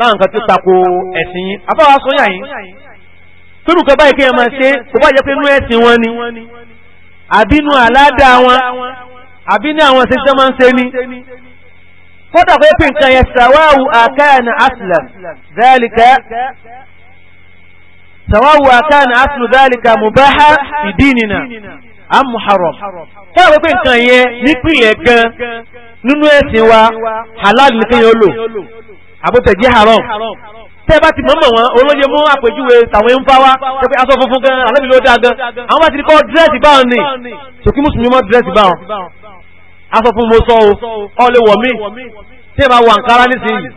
Speaker 1: láwọn nǹkan tó tako ẹ̀sìn yín afáwa sọ yà yín tóbi kan báyìí kí ẹ máa ṣe kó bá jẹ pé inú ẹ̀sìn wọn ni àbí inú àládà wọn àbí ní àwọn ṣẹṣẹ máa ń ṣe ni kódà pé pé nǹkan yẹn sàwáwù àkáyàna aslam dhalika sàwáwù àkáyàna aslu dhalika mubaha fi dinina kódà pé nǹkan yẹn nípìnlẹ̀ gan nínú ẹ̀sìn wa halal nìkan yẹn ó lò àbótẹ̀jẹ́ haram tẹ́ bá ti mọ́mọ̀ wọn olóye mú àpèjúwe tàwọn ń fáwá tẹ́ pé aṣọ funfun gan alábìlú ó dáa gan àwọn bá ti kọ́ dírẹ́sì báwọn ni sòkí mùsùlùmí mọ́ dírẹ́sì báwọn aṣọ fún mo sọ o ọlẹ́ wọ̀ mí tẹ́ bá wọ àǹkárá nísìnyí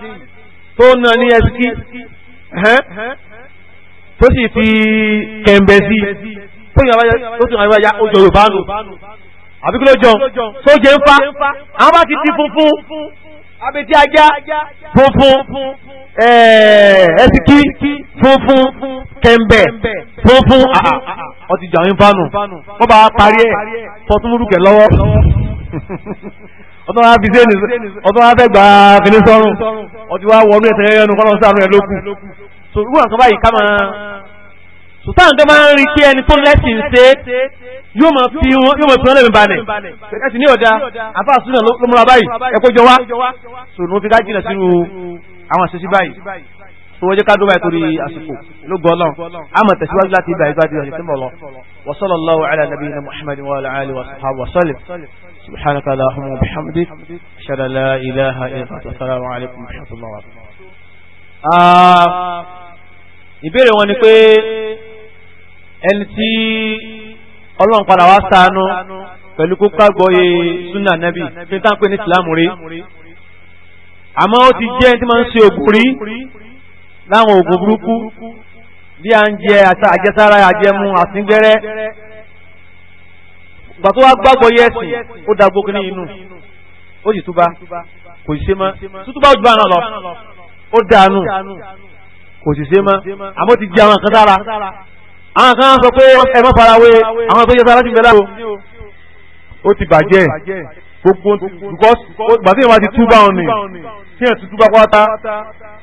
Speaker 1: tó nà ní ẹsikí tó sì fi kẹ̀m̀bẹ̀ sí tó yàn àyà ó jọ Yorùbá nù àbíkúlẹ̀ jọ sóje ń fa àwọn bá ti ti funfun Abeti ajá
Speaker 2: funfun
Speaker 1: ẹsìkí eh, funfun kẹ̀mbẹ̀ funfun ọtí jàwín fánù wọ́n bá parí ẹ̀ fọ́tún múrùkẹ̀ lọ́wọ́ ọdún wa fi sẹ́ni ọdún wa fẹ́ gbà kìnní sọ́run ọtí wa wọnú ẹ̀sẹ̀ yẹn yẹnu kọ́nà sáànù ẹ̀ lókù so irú àkàbáyìí ká máa sùtáwọn tó máa ń rí pé ẹni tó lẹ́sìn ṣe yóò máa fi wọn yóò máa fi wọn lẹ́mí balẹ̀ ẹ̀sì ní ọ̀dà àfa àsúnà ló múra báyìí ẹ̀kọ́ jọ wá sòrò fi ká jìnà sínú àwọn àṣẹṣí báyìí tó wọ́n jẹ́ ká dúbà torí àsìkò ló gbọ́ náà a máa tẹ̀síwájú láti ibà ìgbà bíi ọ̀sẹ̀ mọ̀lọ́ wa sallallahu ala nabiyina muhammadin wa ala alihi wa sahbihi wa sallam subhanaka allahumma wa bihamdik shada la ilaha illa anta assalamu alaykum wa rahmatullahi wa barakatuh ah, ìbéèrè wọn ni pé ẹni tí ọlọ́run padà wá ṣàánú pẹ̀lú kó gbàgbọ́yé súnà nẹ́bì fi ń tánpé ní rí ti jẹ́ tí máa ń ṣe ògùn rí láwọn ògùn burúkú bí a ń jẹ àjẹsára àjẹmú àsíngbẹ́rẹ́ gbà tó wá gbàgbọ́yé ẹ̀sìn ó da gbogbo ní inú ó sì túbá kò sí ṣe mọ́ tútúbá ó lọ ó dànù kò sì ṣe mọ́ àmọ́ ti jẹ àwọn
Speaker 2: àwọn kan sọ pé ẹ má farawé àwọn tó yẹ sára ti bẹ̀rẹ̀
Speaker 1: ó ti bàjẹ́ gbogbo because gbàtí ìwà ti túbà wọn ni tí ẹ̀ ti túbà pátá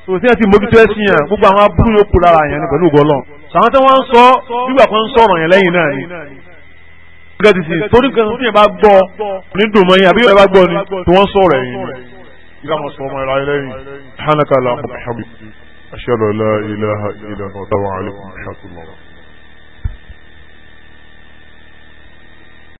Speaker 1: so tí ẹ̀ ti mójútó ẹ̀sìn yẹn gbogbo àwọn abúrú yóò kú lára yẹn ni pẹ̀lú ògbọ́n lọ sàwọn tí wọ́n ń sọ nígbà kan ń sọ̀rọ̀ yẹn lẹ́yìn náà ni gẹ́gẹ́ sí torí kan tó yẹn bá gbọ́ ní dùnmọ́ yẹn àbí yẹn bá gbọ́ ni tí wọ́n sọ̀rọ̀ yẹn ìgbà mọ̀ sọ ọmọ ìlàyé lẹ́yìn hànàkàlà
Speaker 2: àbùkù àṣẹ lọ́la ilaha ilaha wa alaykum ṣàtúnmọ́.